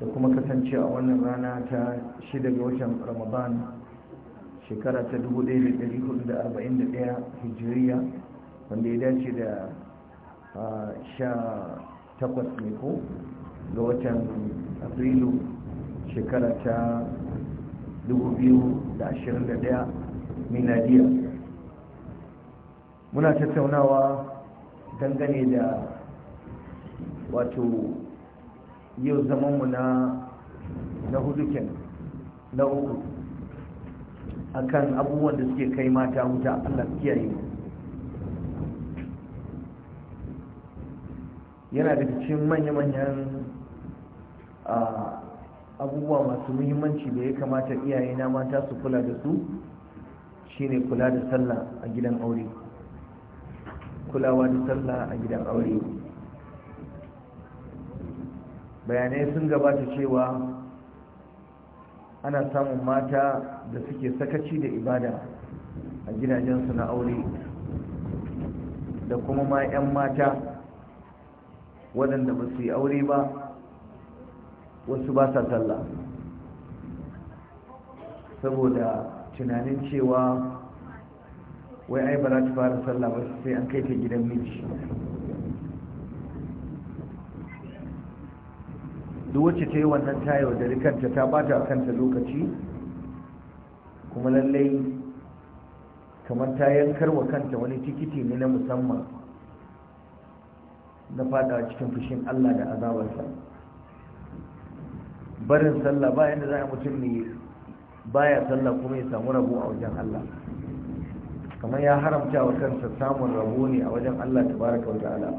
da kuma kasance a wannan rana ta shida ga watan ramadan shekara ta 1441 hijiriya wanda ya dace da sha takwas ne ko ga watan afrilu shekara ta 2021 minadiya muna tattaunawa dangane da wato yau zamanmu na na hudu na uku akan abubuwan da suke kai mata wuta Allah kiyaye yana da cikin manya-manyan abubuwa masu muhimmanci da ya kamata iyaye na mata su kula da su shine kula da sallah a gidan aure kulawa da sallah a gidan aure bayanai sun gabata cewa ana samun mata da suke sakaci da ibada a gidajensu na aure da kuma ma 'yan mata waɗanda ba su yi aure ba wasu ba sa sallah saboda tunanin cewa wai ai ba za ta fara sallah ba sai an kai ta gidan miji duk wacce ta yi wannan ta yaudari kanta ta bata kanta lokaci kuma lallai kamar ta yankar wa kanta wani tikiti ne na musamman na fada cikin fushin Allah da azabarsa barin sallah ba yadda za a mutum ne baya sallah kuma ya samu rabo a wajen Allah kamar ya haramta wa kansa samun rabo ne a wajen Allah baraka wa ta'ala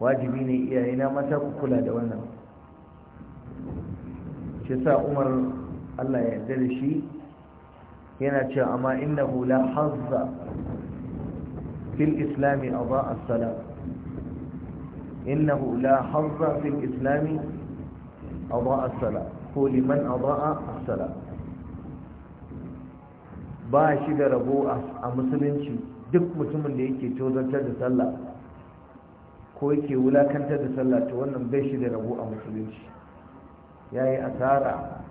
wajibi ne iyayena mata ku kula da wannan shi sa umar Allah ya yarda da shi yana cewa amma innahu la hazza fil islam as-salam innahu la hazza fil islam adaa as-salam ko liman adaa as-salam ba shi da rabo a musulunci duk mutumin da yake tozartar da sallah ko yake wulakantar da sallah to wannan bai shi da rabo a musulunci ya yi asara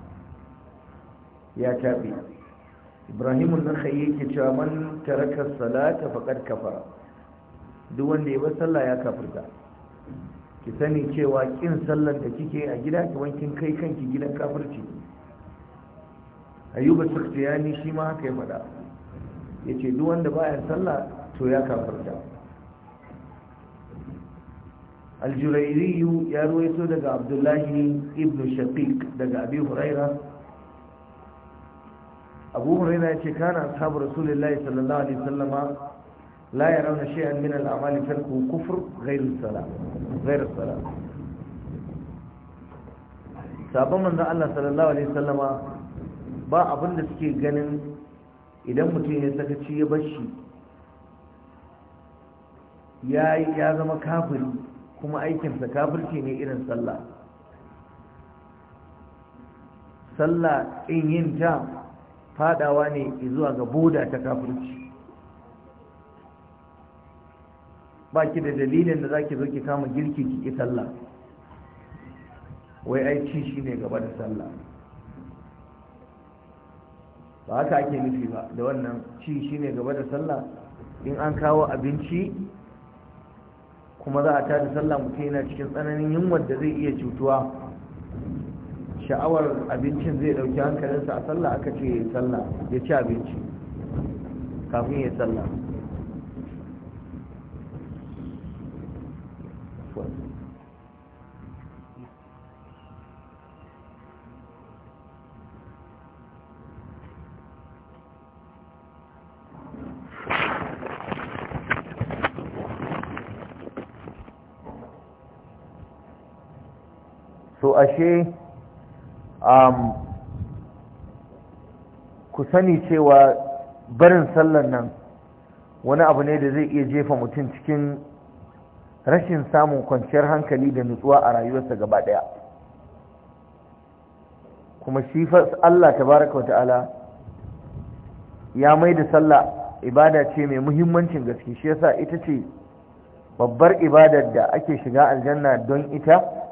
ya taɓe ibrahimun nakhai yake cewa man taraka salata faqad kafara duk wanda ya bar sallah ya kafirta ki sani cewa kin sallar da kike a gida ki wankin kai kanki gidan kafirci ayuba sakhtiyani shi ma haka ya faɗa yace duk wanda baya sallah to ya kafirta aljurairiyu ya ruwaito daga abdullahi ibn Shafiq daga abi huraira abu huraira ya ce kana ashabu rasulullahi sallallahu alaihi wasallama la yarawna shay'an min al-a'mal tarku kufr ghayr as sabon manzo Allah sallallahu alaihi wasallama ba abin da suke ganin idan mutum ya sakaci ya bashi ya ya zama kafiri kuma aikinsa kafirci ne irin sallah sallah in yin ta fadawa ne zuwa ga boda ta kafirci baki da dalilin da zaki zo ki kama girki ki ki sallah wai aici ne gaba da sallah ba haka ake nufi ba da wannan ci shi ne gaba da sallah in an kawo abinci kuma za a tada sallah mutum yana cikin tsananin yunwar da zai iya cutuwa sha'awar abincin zai dauki hankalinsa a sallah aka ce ya sallah ya ci abinci kafin ya sallah ashe um, ku sani cewa barin sallar nan wani abu ne da zai iya jefa mutum cikin rashin samun kwanciyar hankali da nutsuwa a rayuwarsa gaba daya kuma shi Allah tabaraka wata'ala ya mai da sallah ibada ce mai muhimmancin gaske shi yasa ita ce babbar ibadar da ake shiga aljanna don ita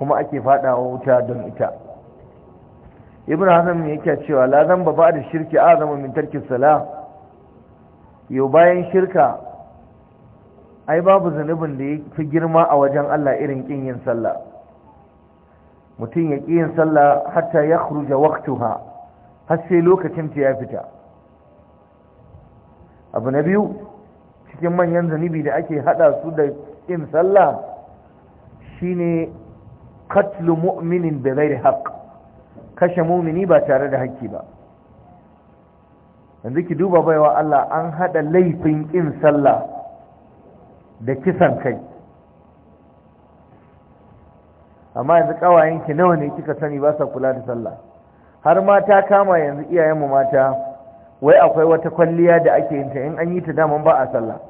kuma ake faɗawa wuta don ita ibn hazm yake cewa la zan ba da shirki azama min tarki Sala. yau bayan shirka ai babu zunubin da ya fi girma a wajen Allah irin kin yin sallah mutum ya ƙi yin sallah hatta ya khuruja waqtuha har sai lokacin ta ya fita abu na biyu cikin manyan zunubi da ake hada su da yin sallah shine katlu mu'minin bai gairi haƙ kashe mumini ba tare da haƙƙi ba yanzu ki duba baiwa Allah an haɗa laifin ƙin sallah da kisan kai amma yanzu ƙawayenki nawa ne kika sani ba sa kula da sallah har mata kama yanzu iyayenmu mata wai akwai wata kwalliya da ake yin ta in an yi ta daman ba a sallah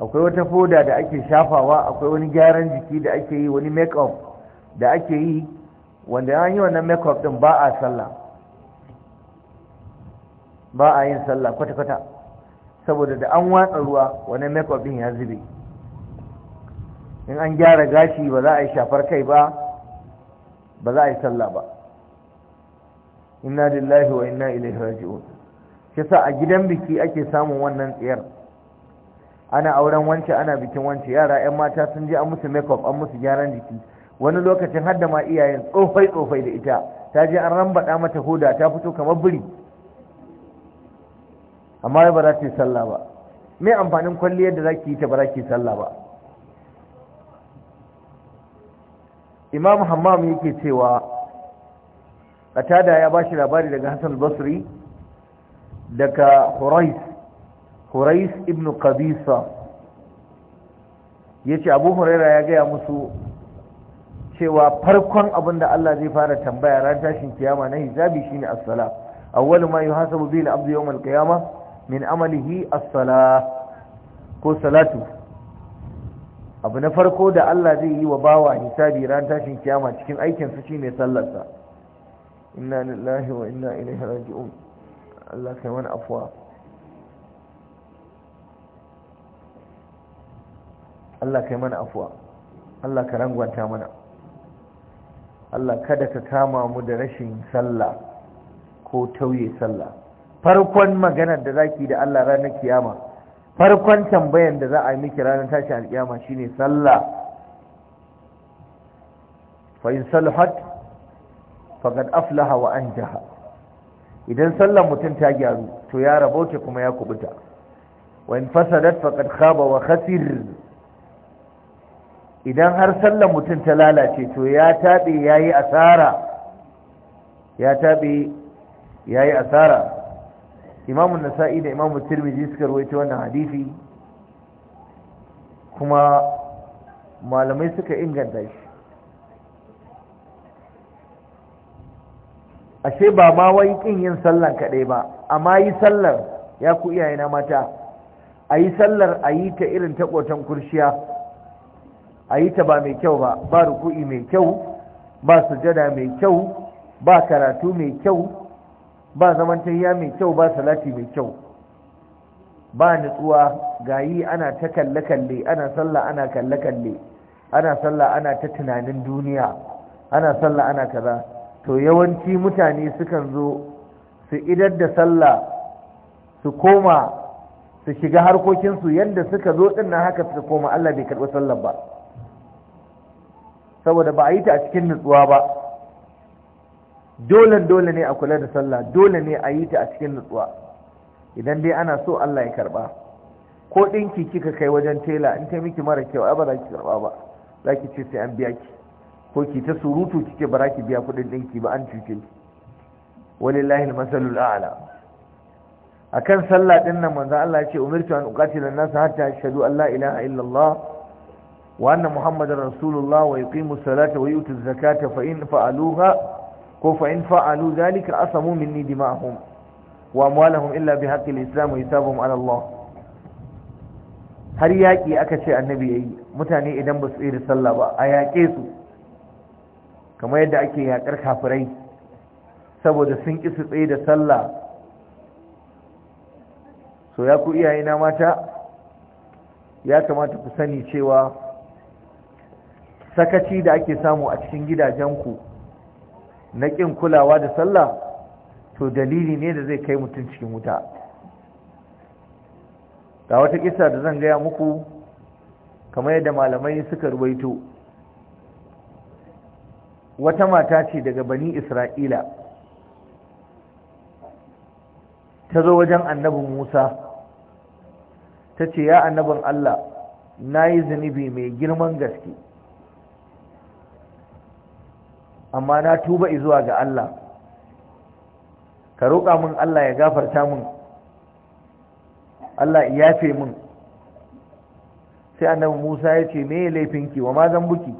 akwai wata foda da ake shafawa akwai wani gyaran jiki da ake yi wani make-up da ake yi wanda an yi wannan make-up din ba a sallah ba a yin sallah kwata-kwata saboda da an watsa ruwa wani make-up din ya zube in an gyara gashi ba za a yi shafar kai ba ba za a yi sallah ba inna lillahi wa inna ilaihi raji'un kisa a gidan biki ake samun wannan tsiyar ana auren wance ana bikin wance yara yan mata sun je an musu makeup an musu gyaran jiki wani lokacin har da ma iyayen tsofai tsofai da ita ta je an rambaɗa mata hoda ta fito kamar biri amma ba za ta yi sallah ba me amfanin kwalliyar da za ki yi ta ba za ki yi sallah ba imam hammam yake cewa tada ya ba shi labari daga hassan basri daga horais hurais ibn qabisa yace abu huraira ya gaya musu cewa farkon abin da Allah zai fara tambaya ran tashin kiyama na hisabi shine as-sala awwalu ma yuhasabu bihi al-abdu yawm al qiyama min amalihi as-sala ko salatu abu na farko da Allah zai yi wa bawa hisabi ran tashin kiyama cikin aikin su shine sallarsa inna lillahi wa inna ilaihi raji'un Allah kai wani afwa Allah kai mana afuwa Allah ka rangwanta mana Allah kada ka kama mu da rashin sallah ko tauye sallah farkon maganar da zaki da Allah ranar kiyama farkon tambayan da za a yi miki ranar tashi alkiyama shine sallah fa in salahat faqad aflaha wa anjaha idan sallar mutum ta gyaru to ya rabauta kuma ya kubuta wa in fasadat faqad khaba wa khasir idan har sallar mutum ta lalace to ya taɓe ya yi asara ya taɓe ya asara imamun nasa'i da imamun tirmidhi suka rawaito wannan hadisi kuma malamai suka inganta shi ashe ba ma wai kin yin sallar kaɗai ba amma yi sallar ya ku iyayena mata a yi sallar a yi ta irin taƙotan kurciya a yi ta ba mai kyau ba ba ruku'i mai kyau ba sujada mai kyau ba karatu mai kyau ba zaman tayya mai kyau ba salati mai kyau ba nutsuwa gayi ana ta kalle-kalle ana sallah ana kalle-kalle ana sallah ana ta tunanin duniya ana sallah ana kaza to yawanci mutane sukan zo su idar da sallah su koma su shiga harkokinsu yadda suka zo ɗin haka suka koma Allah bai karɓi sallah ba saboda ba a yi ta a cikin nutsuwa ba dole dole ne a kula da sallah dole ne a yi ta a cikin nutsuwa idan dai ana so Allah ya karba ko dinki kika kai wajen tela in ta miki mara kyau ai ba za ki karba ba za ki ce sai an biya ki ko ki ta surutu kike ba za ki biya kudin dinki ba an cuce ki walillahi almasalul a'la akan sallah din nan manzo Allah ya ce umirtu an uqatila an-nas hatta ashhadu an la ilaha illallah وأن محمد رسول الله ويقيم الصلاة ويؤتي الزكاة فإن فعلوها فإن فعلوا ذلك أصموا مني دماءهم وأموالهم إلا بحق الإسلام ويسابهم على الله har yaƙi aka ce annabi ya yi mutane idan ba su da sallah ba a yaƙe su kamar yadda ake yaƙar kafirai saboda sun ƙi su tsaye da sallah so ya ku iyayena mata ya kamata ku sani cewa sakaci da ake samu a cikin gidajenku na ƙin kulawa da sallah to dalili ne da zai kai mutum cikin wuta ga wata kisa da zan gaya muku kamar yadda malamai suka ruwaito wata mata ce daga bani isra'ila ta zo wajen annabin musa ta ce ya annabin allah na yi zunubi mai girman gaske amma na tuba zuwa ga Allah ka roƙa min Allah ya gafarta min Allah ya yafe min sai annabi Musa ya ce me laifinki wa ma zambuki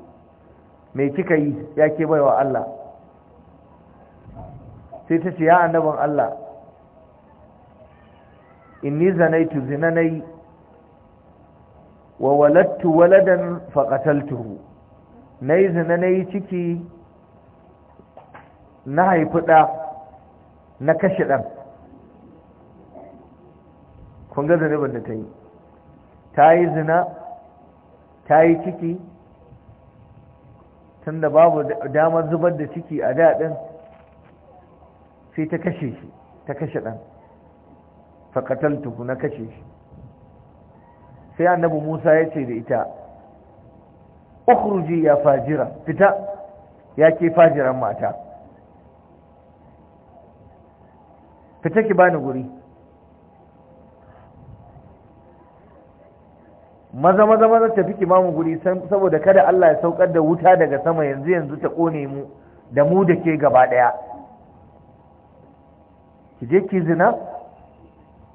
me kika yi ya ke baiwa Allah sai ta ce ya annabin Allah inni zanaitu zinanai wa walattu waladan faqataltuhu nayi zinanai ciki na haifi ɗa na kashe ɗan kun ga zanibin da ta yi ta yi zina ta yi ciki tunda babu damar zubar da ciki a daɗin sai ta kashe shi ta kashe ɗan tuku na kashe shi sai annabi musa ya ce da ita ukhruji ya fajira fita ya ke fajiran mata fita ki bani guri maza maza maza tafi ki mamu guri saboda kada Allah ya saukar da wuta daga sama yanzu yanzu ta kone mu da mu da ke gaba daya ki je ki zina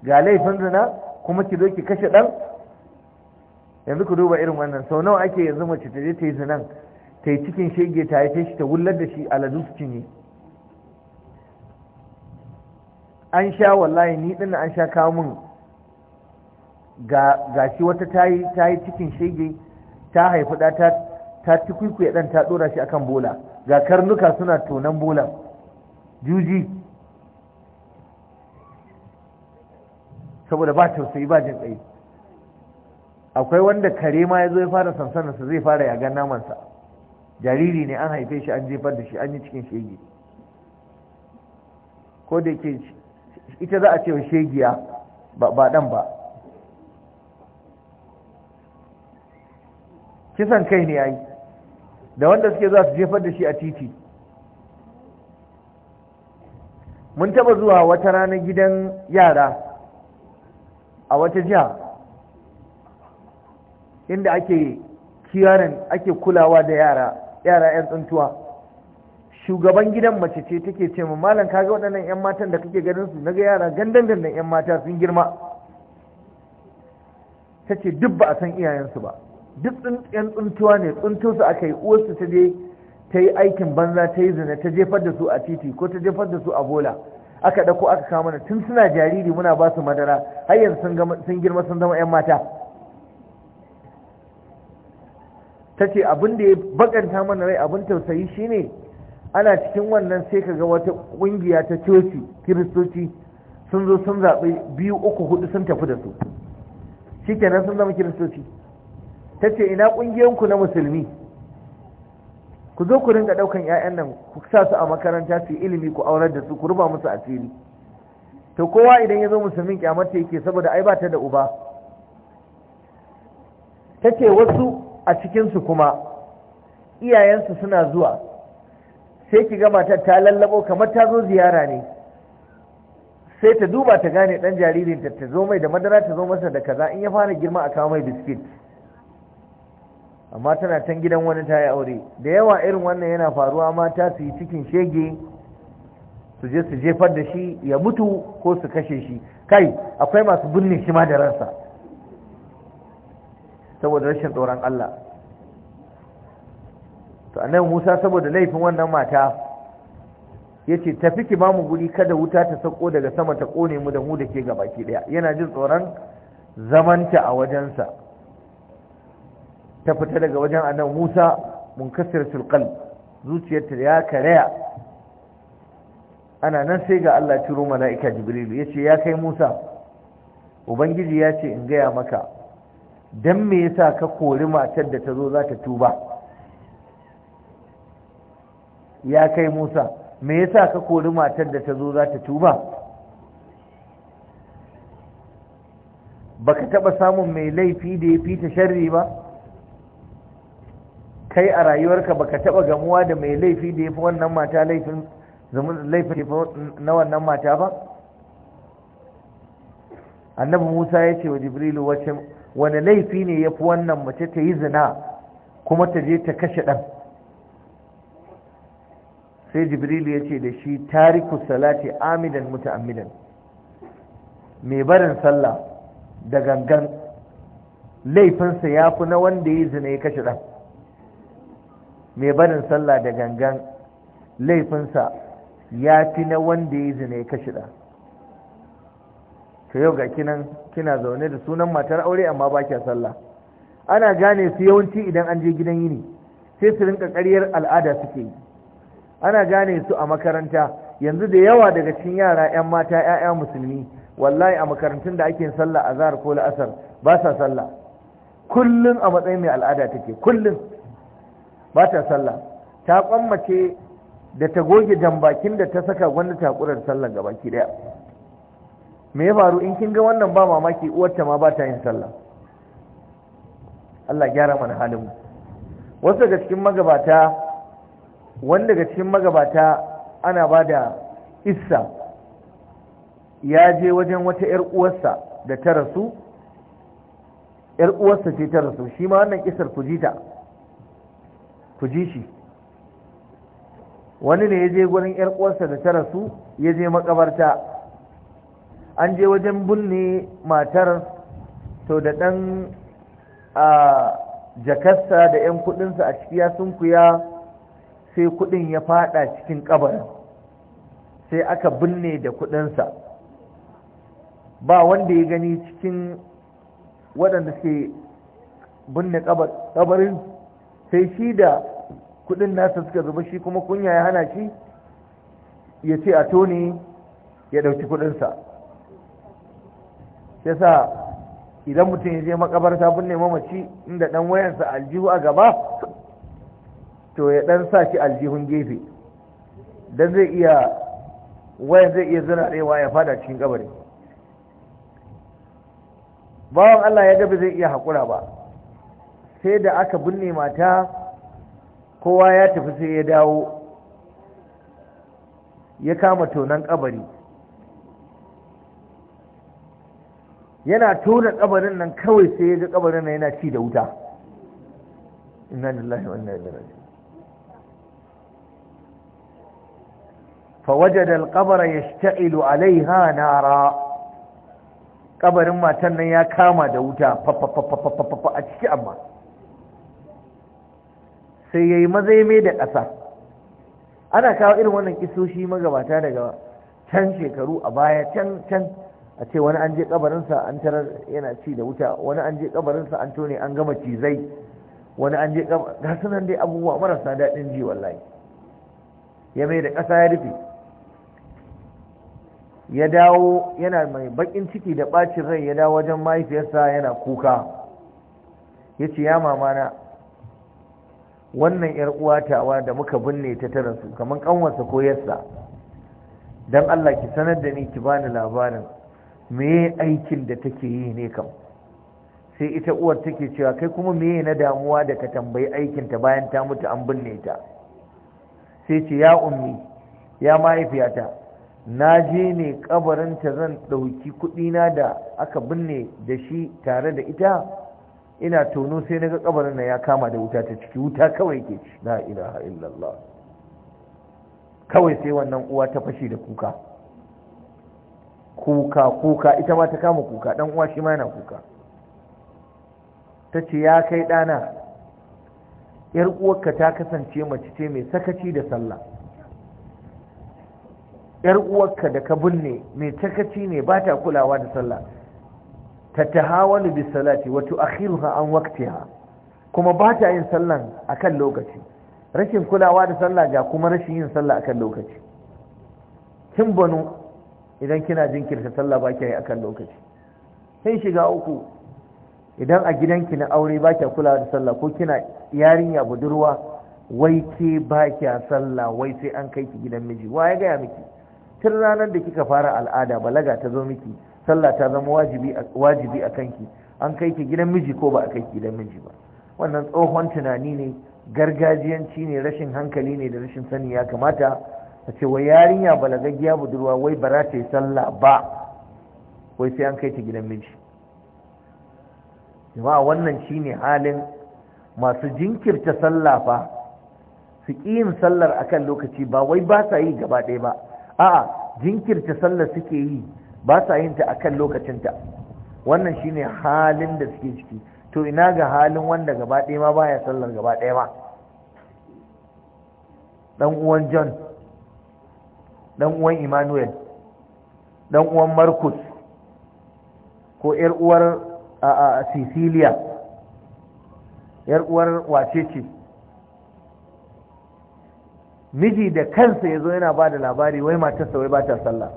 ga laifin zina kuma ki zo ki kashe dan yanzu ku duba irin wannan sau nawa ake yanzu mace ta je ta yi zinan ta yi cikin shege ta haife shi ta wullar da shi aladu su cinye an sha wallahi ni din an sha kawo mun ga shi wata ta yi cikin shege ta haifi da ta ya dan ta dora shi akan bola ga karnuka suna tonan bola juji saboda ba tausayi ba jin akwai wanda kare ma ya zo ya fara sa zai fara yagan sa jariri ne an haife shi an jefar da shi an yi cikin shege ko da ke ita za a ce shegiya ba dan ba kisan kai ne yayi da wanda suke za su jefar da shi a titi mun taba zuwa wata rana gidan yara a wata jiha inda ake kiyaran ake kulawa da yara yara 'yan tsuntuwa shugaban gidan mace ce take ce mu malam kaga waɗannan yan matan da kake ganin su naga yara gandan gandan yan mata sun girma tace duk ba a san iyayensu ba duk yan tsuntuwa ne tsuntunsu su aka yi uwarsu ta je ta yi aikin banza ta yi zina ta jefar da su a titi ko ta jefar da su a bola aka ɗauko aka kama mana tun suna jariri muna ba su madara har yanzu sun girma sun zama 'yan mata ta ce abin da ya bakanta mana rai abin tausayi shine ana cikin wannan sai ka ga wata ƙungiya ta coci kiristoci sun zo sun zaɓi biyu uku hudu sun tafi da su shi kenan sun zama kiristoci ta ce ina ƙungiyanku na musulmi ku zo ku ringa ɗaukan 'ya'yan nan ku sa su a makaranta su yi ilimi ku aurar da su ku ruba musu asiri to kowa idan ya zo musulmin kyamata yake saboda ai ba ta da uba ta ce wasu a cikinsu kuma iyayensu suna zuwa sai ki ga matar ta lallabo kamar ta zo ziyara ne sai ta duba ta gane dan jaririnta ta zo mai da madara ta zo masa da kaza in ya fara girma a kawo mai biskit amma tana can gidan wani ta yi aure da yawa irin wannan yana faruwa mata su yi cikin shege su je su jefar da shi ya mutu ko su kashe shi kai akwai masu binne shi ma da ransa saboda rashin tsoron Allah to annabi Musa saboda laifin wannan mata yace tafi ki ba mu guri kada wuta ta sako daga sama ta kone mu da mu dake ke gabaki daya yana jin tsoron zamanta a wajensa ta fita daga wajen annabi Musa munkasiratul qalb zuciyarta ya karaya ana nan sai ga Allah turo mala'ika jibril yace ya kai Musa ubangiji yace in gaya maka dan me yasa ka kori matar da ta zo za ta tuba ya kai Musa me yasa ka kori matar da ta zo za ta tuba baka taba samun mai laifi da ya fita sharri ba kai a rayuwarka baka taba gamuwa da mai laifi da ya fi wannan mata laifin laifin na wannan mata ba annabi Musa ya ce wa Jibrilu wace wani laifi ne ya fi wannan mace ta yi zina kuma ta je ta kashe ɗan sai jibril ya ce da shi tariku salati amidan muta'ammidan mai barin sallah da gangan laifinsa ya fi na wanda ya zina ya kashe ɗan mai barin sallah da gangan laifinsa ya fi na wanda ya zina ya kashe ɗan to yau ga kinan kina zaune da sunan matar aure amma ba kya sallah ana gane su yawanci idan an je gidan yini sai su rinka ƙaryar al'ada suke yi ana gane su a makaranta yanzu da yawa daga cikin yara 'yan mata 'ya'ya musulmi wallahi a makarantun da ake sallah a zahar ko la'asar ba sa sallah kullum a matsayin mai al'ada take kullum ba ta sallah ta kwammace da ta goge jambakin da ta saka gwanda ta kurar sallah ga baki daya me ya faru in kin ga wannan ba mamaki uwarta ma ba ta yin sallah Allah gyara mana halin wasu daga cikin magabata wanda daga cikin magabata ana ba da isa ya je wajen wata 'yar uwarsa da ta rasu 'yar uwarsa ce ta rasu shi ma wannan kisar ku ji shi wani ne ya je gurin 'yar uwarsa da ta rasu ya je makabarta an je wajen binne matar to da ɗan a jakarsa da 'yan kudinsa a ciki ya sunkuya sai kuɗin ya faɗa cikin kabarin sai aka binne da kudinsa ba wanda ya gani cikin waɗanda suke binne kabarin sai shi da kuɗin nasa suka zuba shi kuma kunya ya hana shi ya ce a tone ya ɗauki kuɗinsa ya sa idan mutum ya je makabarta binne mamaci inda ɗan wayansa aljihu a gaba to ya dan sa shi aljihun gefe dan zai iya wayan zai iya daya ya fada cikin kabari bawan Allah ya ba zai iya hakura ba sai da aka binne mata kowa ya tafi sai ya dawo ya kama tonon kabari yana tona kabarin nan kawai sai ya ga kabarin nan yana ci da wuta inna lillahi wa inna ilaihi raji'un فوجد القبر يشتعل عليها نارا kabarin matan nan ya kama da wuta fa-fa-fa a ciki amma sai ya yi mazaime da ƙasa ana kawo irin wannan kisoshi magabata daga can shekaru a baya can can a ce wani an je sa an tarar yana ci da wuta wani an je sa an tone an gama cizai wani an je kabarinsa ga sunan dai abubuwa marasa daɗin ji wallahi ya mai da ƙasa ya rufe ya dawo yana mai bakin ciki da bacin rai ya dawo wajen mahaifiyarsa yana kuka ya ce ya mamana wannan yar tawa da muka binne ta tara su kamar kanwarsa ko yarsa don Allah ki sanar da ni ki bani labarin me aikin da take yi ne kam sai ita uwar take cewa kai kuma me na damuwa da ka tambayi aikinta bayan ta mutu an binne ta sai ce ya ummi ya mahaifiyata na je ne kabarinta zan ɗauki kuɗina da aka binne da shi tare da ita ina tono sai na ga kabarin na ya kama da wuta ta ciki wuta kawai ke ci la ilaha illallah kawai sai wannan uwa ta fashi da kuka kuka kuka ita ma ta kama kuka dan uwa shi ma yana kuka ta ce ya kai ɗana ‘yar uwarka ta kasance mace ce mai sakaci da sallah yar uwarka da ka binne mai takaci ne ba ta kulawa da sallah ta tahawalu bi salati wa tu'akhiruha an waqtiha kuma ba ta yin sallan akan lokaci rashin kulawa da sallah ga kuma rashin yin sallah akan lokaci kin banu idan kina jinkirta sallah ba kiyi akan lokaci sai shiga uku idan a gidanki na aure ba kya kulawa da sallah ko kina yarinya budurwa wai ke ba kya sallah wai sai an kai ki gidan miji wa ya gaya miki tun ranar da kika fara al'ada balaga ta zo miki sallah ta zama wajibi wajibi a kanki an kai ki gidan miji ko ba a kai ki gidan miji ba wannan tsohon tunani ne gargajiyanci ne rashin hankali ne da rashin sani ya kamata a ce wai yarinya balagaggiya budurwa wai ba za ta yi sallah ba wai sai an kai ta gidan miji jama'a wannan shine halin masu jinkirta sallah fa su ƙi yin sallar akan lokaci ba wai ba sa yi gaba ɗaya ba a'a jinkirta sallar suke yi ba sa yin ta a kan lokacinta wannan shine halin da suke ciki to ina ga halin wanda gaba ɗaya ma baya sallar gaba ɗaya ma dan uwan John dan uwan Emmanuel dan uwan Marcus ko ƴar uwar a Cecilia ƴar uwar wace ce miji da kansa ya zo yana ba da labari wai matarsa wai ba ta sallah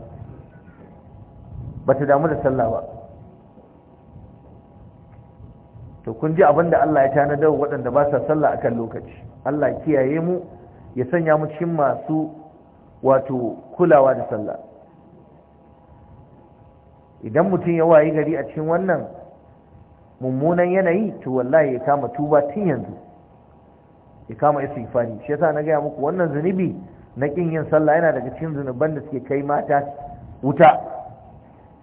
ba ta damu da sallah ba to kun ji abin da Allah ya tanadar waɗanda ba sa sallah akan lokaci Allah kiyaye mu ya sanya mu cikin masu wato kulawa da sallah idan mutum ya wayi gari a cikin wannan mummunan yanayi to wallahi ya kama tuba tun yanzu ya kama istighfari shi yasa na gaya muku wannan zunubi na kin yin sallah yana daga cikin zunuban da suke kai mata wuta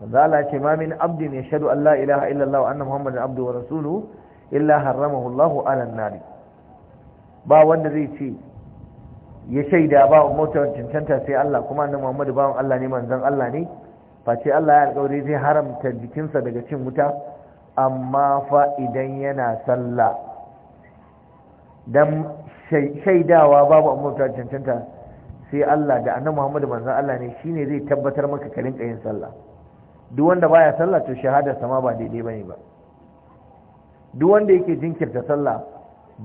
manzo Allah ya ce ma min abdin yashhadu an la ilaha illa Allah wa anna muhammadan abdu wa rasuluhu illa haramahu Allah ala an-nar ba wanda zai ce ya shaida ba motar cancanta sai Allah kuma annabi Muhammadu bawan Allah ne manzon Allah ne face Allah ya alƙawari zai haramta jikinsa daga cin wuta amma fa idan yana sallah dan shaidawa babu amurta cancanta sai Allah da annabi Muhammadu manzon Allah ne shine zai tabbatar maka ka rinka yin sallah duk wanda baya sallah to shahadar sama ba daidai bane ba duk wanda yake jinkirta sallah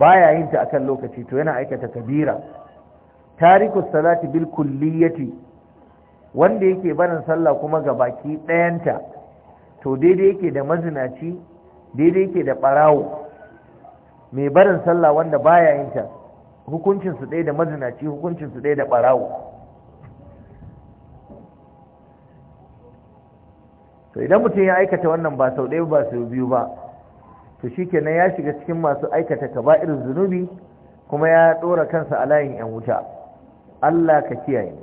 baya yin ta akan lokaci to yana aikata kabira tarikus salati bil kulliyati wanda yake barin sallah kuma ga baki ɗayanta to daidai yake da mazinaci daidai yake da ɓarawo mai barin sallah wanda baya yin ta hukuncin su ɗaya da mazinaci hukuncin su ɗaya da ɓarawo to idan mutum ya aikata wannan ba sau ɗaya ba sau biyu ba to shi kenan ya shiga cikin masu aikata irin zunubi kuma ya ɗora kansa a layin 'yan wuta Allah ka kiyaye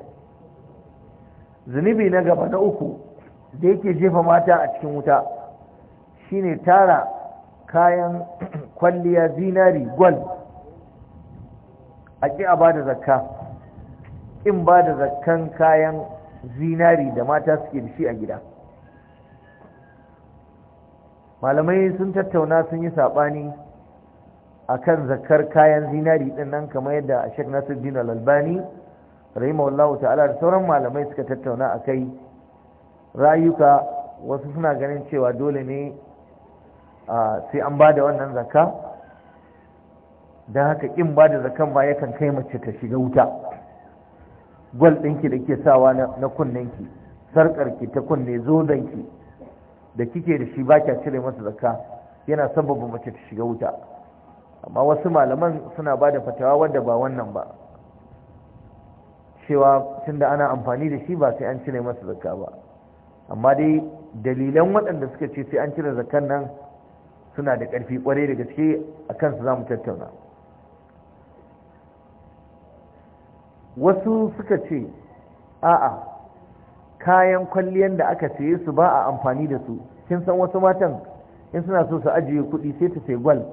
zunubi na gaba na uku da yake jefa mata a cikin wuta shine tara kayan kwalliya zinari gwal a ƙi a ba da zakka in ba da zakkan kayan zinari da mata suke da shi a gida malamai sun tattauna sun yi saɓani a kan zakkar kayan zinari ɗin nan kamar yadda a shek nasiruddin al'albani rahimahullahu ta'ala da sauran malamai suka tattauna a kai rayuka wasu suna ganin cewa dole ne sai an ba da wannan zaka, don haka in ba da zakan ba yakan kai mace ta shiga wuta gwal ɗinki da ke sawa na kunnen sarƙarki ta kunne zodanki da kike da shi ba kya cire masa zaka, yana sababa mace ta shiga wuta amma wasu malaman suna ba da fatawa wadda ba wannan ba cewa tunda ana amfani da shi ba sai an cire masa zaka ba amma dai dalilan waɗanda suka ce sai an cire zakan nan suna da ƙarfi ƙwarai da gaske a kansu za mu tattauna wasu suka ce a'a kayan kwalliyan da aka saye su ba a amfani da su kin san wasu matan in suna so su ajiye kuɗi sai ta sai gwal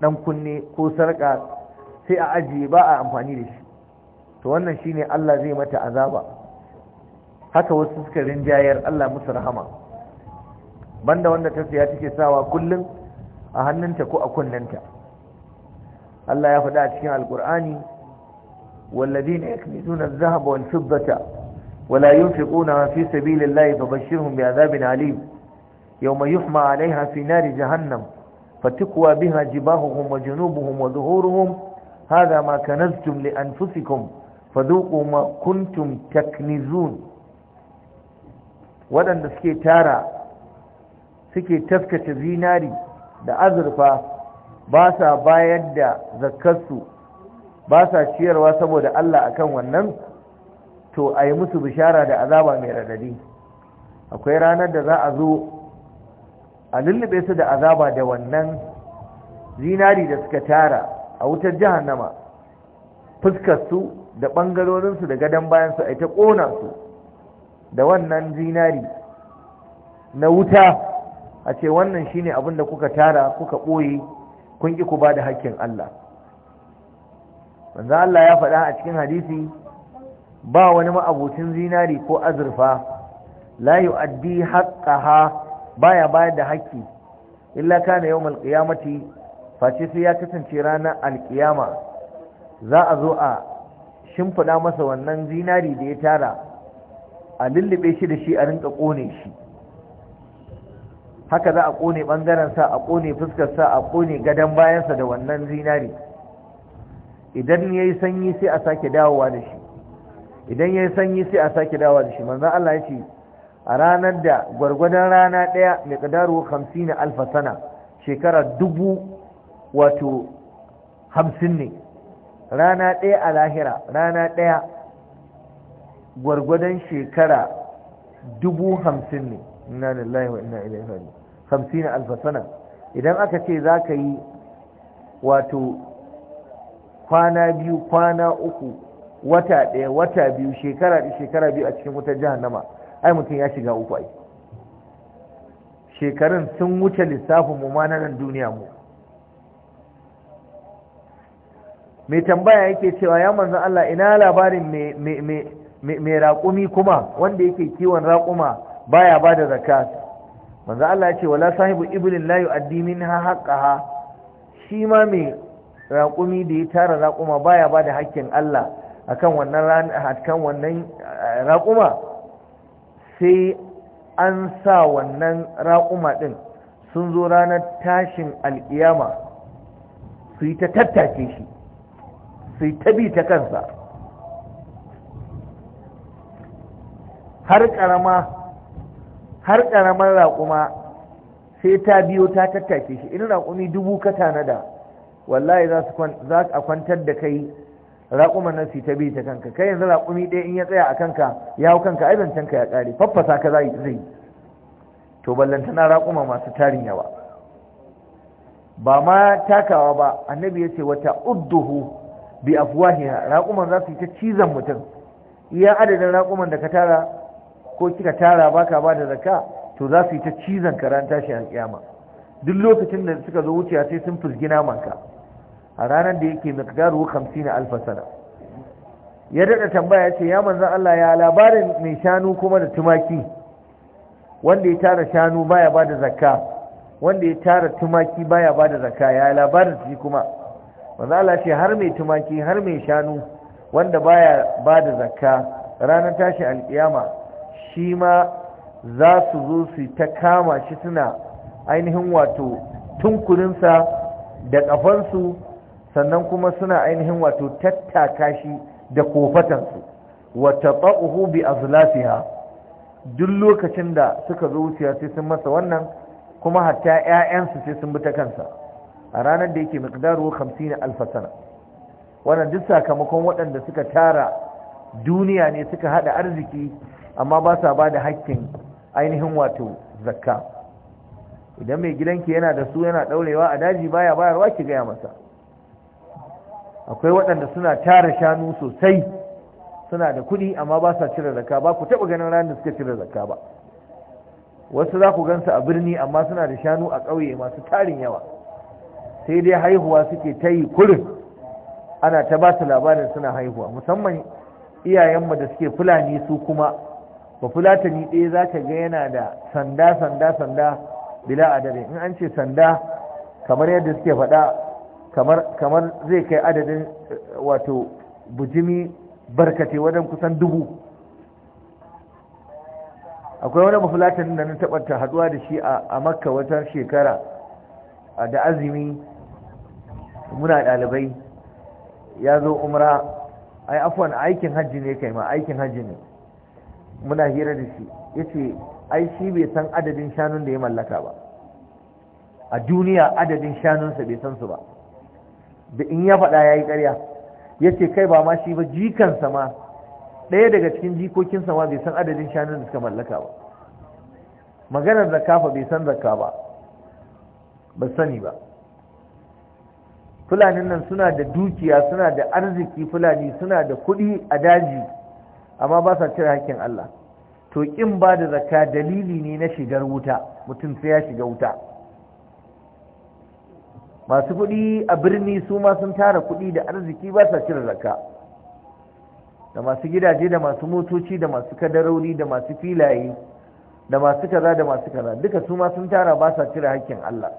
ɗan kunne ko sarƙa sai a ajiye ba a amfani da shi to wannan shine Allah zai mata azaba haka wasu suka rinjayar Allah musu rahama banda wanda ta siya take sawa kullum a hannunta ko a kunnen ta. Allah ya faɗa cikin alqur'ani walladheena yakmizuna adh-dhahaba wal-fiddata wa la yunfiquna fi sabilillahi fabashshirhum bi'adhabin aleem yawma yuhma 'alayha fi naari jahannam fatukwa biha jibahuhum wa junubuhum wa dhuhuruhum hadha ma kanaztum li anfusikum fadhuqu ma kuntum taknizun wadanda suke tara suke taskace zinari da azurfa ba sa bayar da zakkarsu ba sa ciyarwa saboda Allah akan wannan to a yi musu bishara da azaba mai radadi akwai ranar da za a zo a lullube su da azaba da wannan zinari da suka tara a wutar nama, fuskarsu da ɓangarorinsu da gadon bayansu a ita ƙona su da wannan zinari na wuta a ce wannan shine abin da kuka tara kuka ɓoye kun ki ku ba da hakkin Allah manzo Allah ya faɗa a cikin hadisi ba wani ma'abucin zinari ko azurfa la yu'addi haqqaha baya bayar da haƙƙi illa kana yawmal qiyamati face sai ya kasance ranar alƙiyama za a zo a shimfiɗa masa wannan zinari da ya tara a lullube shi da shi a rinka ƙone shi haka za a kone ɓangarensa a kone fuskarsa a kone gadon bayansa da wannan zinari idan ya yi sanyi sai a sake dawowa da shi idan ya yi sanyi sai a sake dawowa da shi manzan Allah ya ce a ranar da gwargwadon rana ɗaya mai ƙadaru hamsin na alfasana shekara dubu wato hamsin ne rana ɗaya a lahira rana ɗaya gwargwadon shekara dubu hamsin ne inna lillahi wa inna ilaihi hamsina sana idan aka ce za ka yi wato kwana biyu kwana uku wata ɗaya wata biyu shekara shekara biyu a cikin wutar jahannama ai mutum ya shiga uku ai shekarun sun wuce lissafin mu ma nan duniya mu mai tambaya yake cewa ya manzan Allah ina labarin mai raƙumi kuma wanda yake kiwon raƙuma baya ba da manzo Allah ya ce wala sahibu iblin la yu'addi minha haqqaha shi ma mai raƙumi da ya tara raƙuma baya ba da haƙƙin Allah akan wannan wannan eh, raƙuma sai an sa wannan raƙuma din sun zo ranar tashin alƙiyama su yi ta tattake shi su yi ta bi ta kansa har ƙarama har ƙaramar raƙuma sai ta biyo ta tattake shi in raƙumi dubu ka tanada wallahi za su kwantar da kai raƙuma nan su ta biyu ta kanka kai yanzu raƙumi ɗaya in ya tsaya a kanka ya hau kanka aibin ka ya ƙare faffasa ka za zai yi. to ballantana raƙuma masu tarin yawa ba ma takawa ba annabi ya ce wata udduhu bi afwahiha raƙuman za su yi ta cizon mutum iya adadin raƙuman da ka tara ko kika tara baka ba da zaka to za su yi ta cizon karan tashi alƙiyama duk lokacin da suka zo wuciya sai sun fusgina maka. a ranar da yake miqdaru 50 na sana ya daɗa tambaya ya ce ya manzan Allah ya labarin mai shanu kuma da tumaki wanda ya tara shanu baya ba da zakka wanda ya tara tumaki baya ba da zakka ya labarin shi kuma manzon Allah ce har mai tumaki har mai shanu wanda baya ba da zakka ranar tashi alƙiyama shi ma za su zo su ta kama shi suna ainihin wato tunkurinsa da ƙafansu sannan kuma suna ainihin wato tattaka shi da kofatansu wata ɓa'uhu bi azlafiha duk lokacin da suka zo wuciya sai sun masa wannan kuma hatta 'ya'yansu sai sun bi ta kansa a ranar da yake miqdaru 50 alfasana wannan duk sakamakon waɗanda suka tara duniya ne suka haɗa arziki amma ba sa ba da hakkin ainihin wato zakka idan mai gidanki yana da su yana daurewa a daji baya bayarwa ki gaya masa akwai waɗanda suna tara shanu sosai suna da kuɗi amma ba sa cire zakka ba ku taɓa ganin ranar da suka cire zakka ba wasu za ku gansu a birni amma suna da shanu a ƙauye masu tarin yawa sai dai haihuwa suke ta yi kurin ana ta ba su labarin suna haihuwa musamman iyayenmu da suke fulani su kuma ba ɗaya za ka ga yana da sanda sanda sanda bila adadin in an ce sanda kamar yadda suke faɗa kamar zai kai adadin eh, wato bujimi barkate wajen kusan dubu akwai wani mafulatanin da na tabbata haduwa da shi a makka wata shekara da azumi muna ɗalibai ya zo umra ai afuwan aikin hajji ne kai ma aikin hajji ne muna hira da shi ce ai shi bai san adadin shanun da ya mallaka ba a duniya adadin shanunsa bai san su ba da in ya faɗa ya karya. ƙarya ce kai ba ma shi ba jikansa ma ɗaya daga cikin jikokinsa ma bai san adadin shanun da suka mallaka ba maganar zakafa bai san zakka ba ba sani ba fulanin nan suna da dukiya suna da arziki fulani suna da kuɗi a daji amma ba sa cire hakkin Allah to kin ba da zakka dalili ne na shigar wuta mutum sai ya shiga wuta masu kuɗi a birni su ma sun tara kuɗi da arziki ba sa cire zakka da masu gidaje da masu motoci da masu kadarori da masu filaye da masu kaza da masu kaza duka su ma sun tara ba sa cire hakkin Allah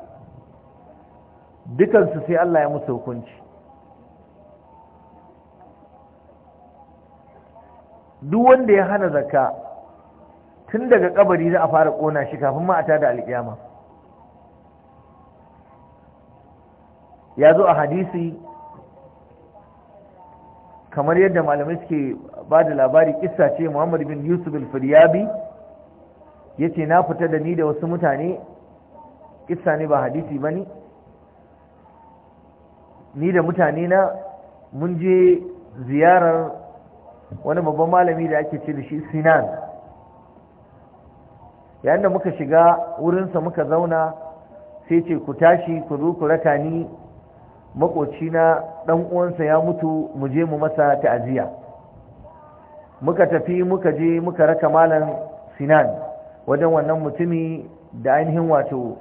dukansu sai Allah ya musu hukunci duk wanda ya hana zakka tun daga kabari za a fara kona shi kafin ma a tada alƙiyama ya zo a hadisi kamar yadda malamai suke ba da labari kissa ce muhammad bin yusuf al-firyabi ya ce na fita da ni da wasu mutane kissa ne ba hadisi ba ne ni da mutane na mun je ziyarar wani babban malami da ake ce da shi sinan yayin da muka shiga wurinsa muka zauna sai ce ku tashi ku zo ku raka ni makocina ɗan uwansa ya mutu mu je mu masa ta'aziyya muka tafi muka je muka raka malam sinan wajen wannan mutumi da ainihin wato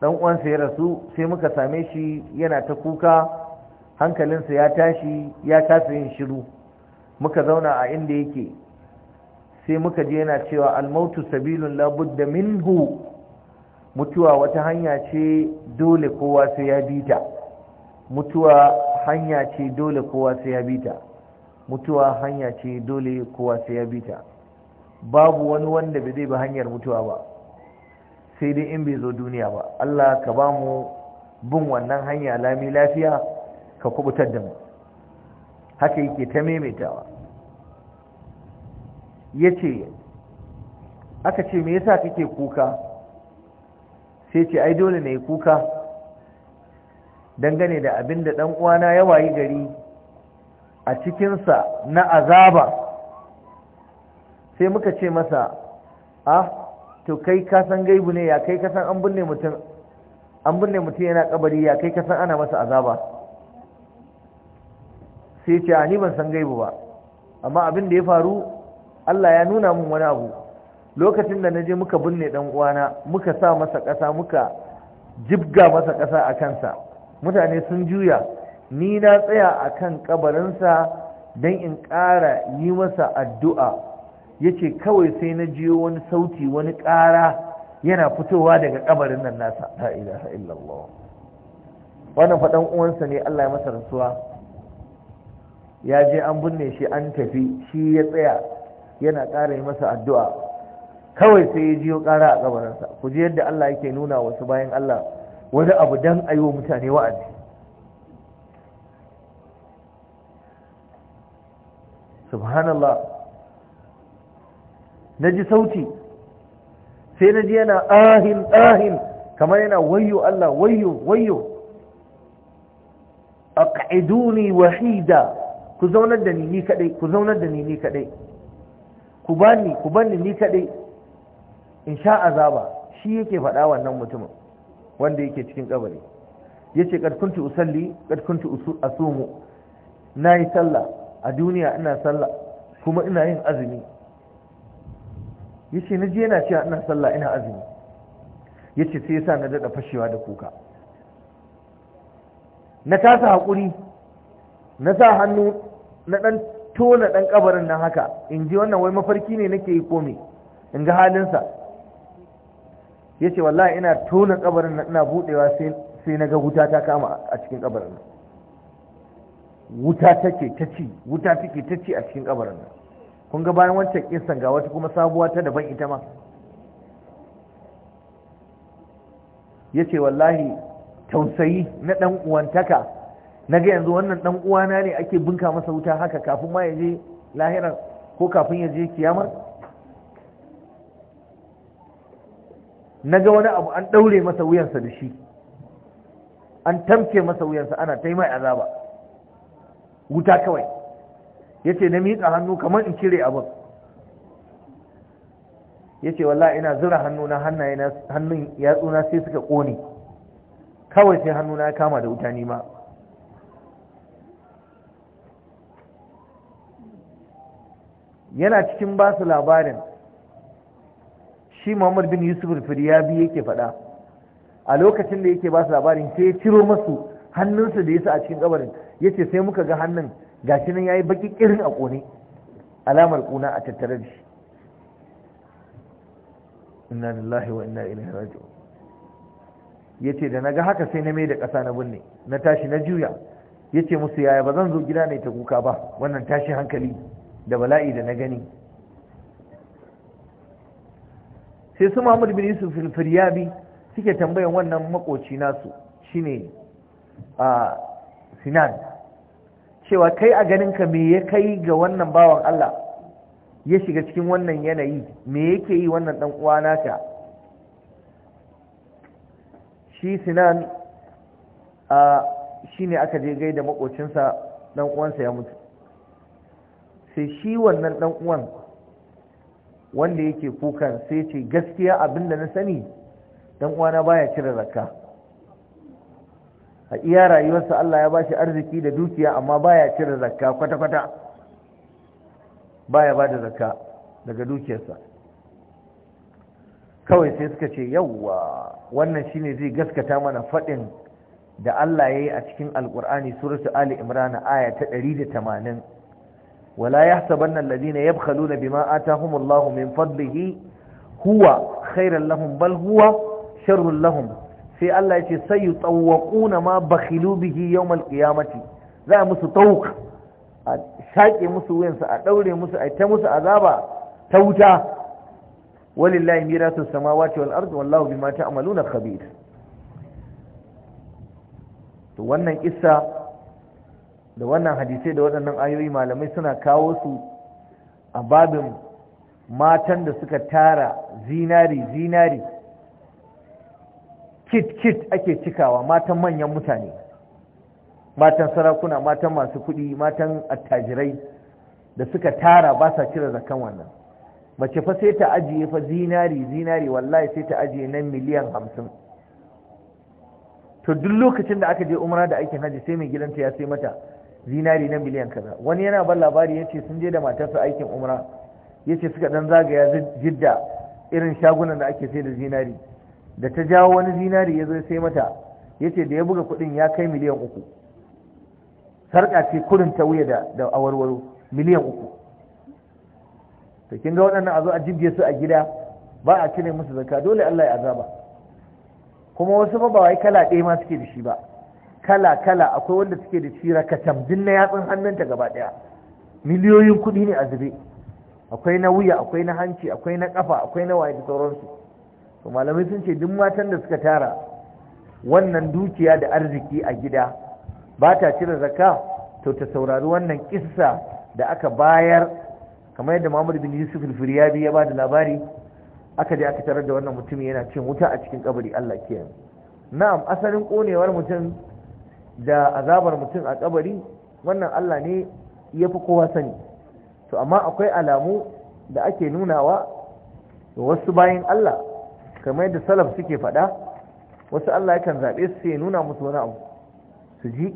ɗan uwansa ya rasu sai muka same shi yana ta kuka hankalinsa ya tashi ya kasa yin shiru muka zauna a inda yake sai muka je yana cewa almautu sabilun labudda minhu mutuwa wata hanya ce dole kowa sai ya bi mutuwa hanya ce dole kowa sai ya bi mutuwa hanya ce dole kowa sai ya bi babu wani wanda bai zai ba hanyar mutuwa ba sai dai in bai zo duniya ba Allah ka ba mu bin wannan hanya lami lafiya ka kubutar da mu haka yake ta maimaitawa ya ce aka ce me yasa kake kuka sai ce ai dole na kuka dangane da abin da ɗan uwana ya wayi gari a cikinsa na azaba sai muka ce masa ah to kai kasan gaibu ne ya kai kasan an binne mutum an binne mutum yana kabari ya kai kasan ana masa azaba sai ce a ni ban san gaibu ba amma abin da ya faru Allah ya nuna mun wani abu lokacin da naje muka binne dan uwana muka sa masa ƙasa muka jibga masa ƙasa a kansa mutane sun juya ni na tsaya akan ƙabarinsa dan in ƙara yi masa addu'a yace kawai sai na jiyo wani sauti wani ƙara yana fitowa daga kabarin nan nasa la ilaha illallah wannan faɗan uwansa ne Allah ya masa rasuwa ya je an binne shi an tafi shi ya tsaya yana ƙara yi masa addu'a kawai sai ya jiyo ƙara a kabarinsa ku ji yadda Allah yake nuna wasu bayan Allah wani abu dan a yi wa mutane wa'azi subhanallah na ji sauti sai na ji yana ahin ahin kamar yana wayo Allah wayo wayo ka’iduni wahida ku zaunar da ni ni kadai ku zaunar da ni ni kadai ku bani ku bani ni kadai in sha azaba shi yake faɗa wannan mutumin wanda yake cikin kabari yace kad kuntu usalli kad kuntu asumu nayi sallah a duniya ina sallah kuma ina yin azumi yace je yana cewa ina sallah ina azumi yace sai yasa na dada fashewa da kuka na kasa hakuri na sa hannu na dan tona dan kabarin nan haka in ji wannan wai mafarki ne nake yi komai in ga halinsa ya ce wallahi ina tona kabarin nan ina budewa sai na ga wuta ta kama a cikin kabarin nan wuta take ta ci wuta take ta ci a cikin kabarin nan kun ga bayan wancan kinsa ga wata kuma sabuwa ta daban ita ma ya ce wallahi tausayi na dan uwantaka Na ga yanzu wannan dan uwana ne ake bunka masa wuta haka kafin ma ya je lahira ko kafin ya je kiyama naga wani abu an daure masa wuyansa da shi an tamke masa wuyansa ana ta yi mai azaba wuta kawai yace na miƙa hannu kamar in cire abin yace wallahi ina zura hannu na hannaye hannun yatsuna sai suka kone kawai sai hannu ya kama da wuta nima yana cikin ba su labarin shi muhammad bin yusuf ya firyabi yake fada a lokacin da yake ba su labarin sai ya ciro masu hannunsa da yasa a cikin kabarin ya ce sai muka ga hannun gashi nan ya yi baki irin a kone alamar kuna a tattare da shi inna lillahi wa inna ilaihi ya yace da naga haka sai na mai da ƙasa na binne na tashi na juya yace musu yaya ba zan zo gida ne ta kuka ba wannan tashi hankali da bala'i da na gani sai su Muhammad bin Yusuf al suke tambayan wannan makoci nasu shine a Sinan cewa kai a ganin ka me ya kai ga wannan bawan Allah ya shiga cikin wannan yanayi me yake yi wannan dan uwa naka shi Sinan a shine aka je gaida makocinsa dan uwansa ya mutu sai shi wannan dan uwan wanda yake kuka sai ce gaskiya abinda na sani dan uwana baya cire zakka a iya rayuwarsa Allah ya bashi arziki da dukiya amma baya cire zakka kwata-kwata baya bada zakka daga dukiyarsa kawai sai suka ce yawwa wannan shine zai gaskata mana fadin da Allah ya yi a cikin alkur'ani suratul ali imran aya ta ɗari da tamanin. ولا يحسبن الذين يبخلون بما آتاهم الله من فضله هو خيرا لهم بل هو شر لهم في الله يتي سيطوقون ما بخلوا به يوم القيامة ذا مسطوق شاكي مسوين سأدوري مسو أيتمس أذابا توتا ولله ميراث السماوات والأرض والله بما تعملون خبير wannan kissa da wannan hadisai da waɗannan ayoyi malamai suna kawo su a babin matan da suka tara zinari zinari kit kit ake cikawa matan manyan mutane matan sarakuna matan masu kuɗi matan attajirai da suka tara ba sa cire zakan wannan mace fa sai ta ajiye fa zinari zinari wallahi sai ta ajiye nan miliyan hamsin to duk lokacin da aka je umra da aikin hajji sai mai gidanta ya sai mata zinari na miliyan kaza wani yana ban labari ya ce sun je da matarsa aikin umra ya ce suka dan zagaya jidda irin shagunan da ake sai da zinari da ta jawo wani zinari ya zo sai mata ya ce da ya buga kuɗin ya kai miliyan uku sarƙa ce kurin ta wuya da awarwaro miliyan uku ta kin ga waɗannan a zo a jibge su a gida ba a kine musu zakka dole Allah ya azaba kuma wasu ba ba wai kala ɗaya ma suke da shi ba kala-kala akwai wanda suke da shira din na yatsun hannunta gaba ɗaya miliyoyin kuɗi ne a zube akwai na wuya akwai na hanci akwai na kafa akwai na waye da to malamai sun ce duk matan da suka tara wannan dukiya da arziki a gida ba ta cire zakka to ta saurari wannan kissa da aka bayar kamar yadda Muhammad bin Yusuf al-Firyabi ya bada labari aka je aka tarar da wannan mutum yana cin wuta a cikin kabari Allah kiyaye na'am asalin konewar mutum da azabar mutum a kabari wannan Allah ne ya fi kowa sani to amma akwai alamu da ake nunawa da wasu bayan Allah kamar yadda salaf suke faɗa wasu Allah kan zaɓe su sai nuna musu wani abu su ji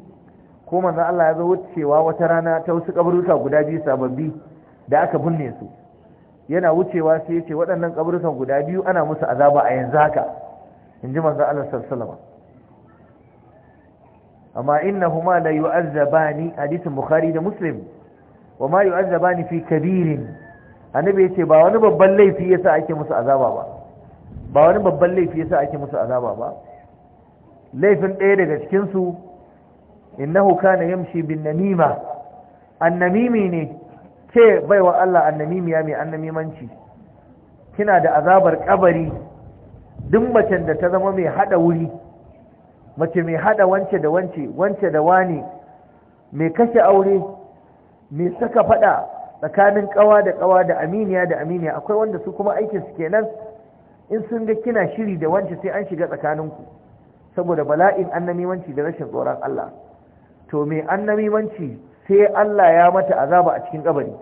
ko manzon Allah ya zo wucewa wata rana ta wasu kaburuka guda biyu sababbi da aka binne su yana wucewa sai ya ce waɗannan kaburukan guda biyu ana musu azaba a yanzu haka in ji manzon Allah sallallahu alaihi wasallam amma innahuma la yu'azzabani hadith bukhari da muslim wa ma yu'azzabani fi kabirin annabi yace ba wani babban laifi yasa ake musu azaba ba ba wani babban laifi yasa ake musu azaba ba laifin ɗaya daga cikin su innahu kana yamshi bin namima annamimi ne ce baiwa Allah annamimiya mai annamimanci kina da azabar kabari duk macen da ta zama mai hada wuri mace mai haɗa wance da wance wance da wani mai kashe aure mai saka fada tsakanin ƙawa da kawa da aminiya da aminiya akwai wanda su kuma aikin su kenan in sun ga kina shiri da wance sai an shiga tsakaninku saboda bala'in annamimanci da rashin tsoron Allah to mai annamimanci sai Allah ya mata azaba a cikin kabari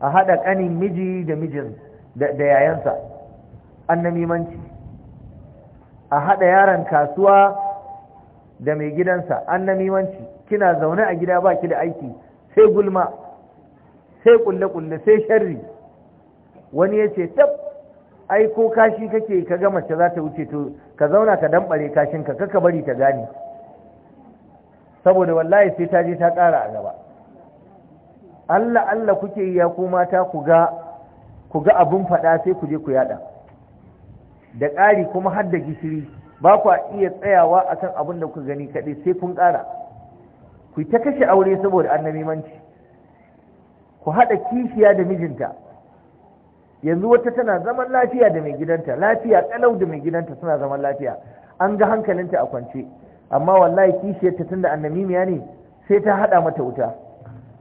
a haɗa kanin miji da mijin da yayansa annamimanci a haɗa yaron kasuwa da mai gidansa an namimanci kina zaune a gida baki da aiki sai gulma sai kulle-kulle sai sharri wani ya ce tab ai ko kashi kake ka ga mace za ta wuce to ka zauna ka dambare kashinka kaka bari ta gane saboda wallahi sai ta je ta kara a gaba Allah Allah kuke yi ya ku mata ku ga ku ga abun faɗa sai ku je ku yada da ƙari kuma har da gishiri ba ku iya tsayawa akan abin da kuka gani kaɗai sai kun ƙara ku ta kashe aure saboda annabimanci ku haɗa kishiya da mijinta yanzu wata tana zaman lafiya da mai gidanta lafiya ƙalau da mai gidanta suna zaman lafiya an ga hankalinta a kwance amma wallahi kishiyarta tunda annamimiya ne sai ta haɗa mata wuta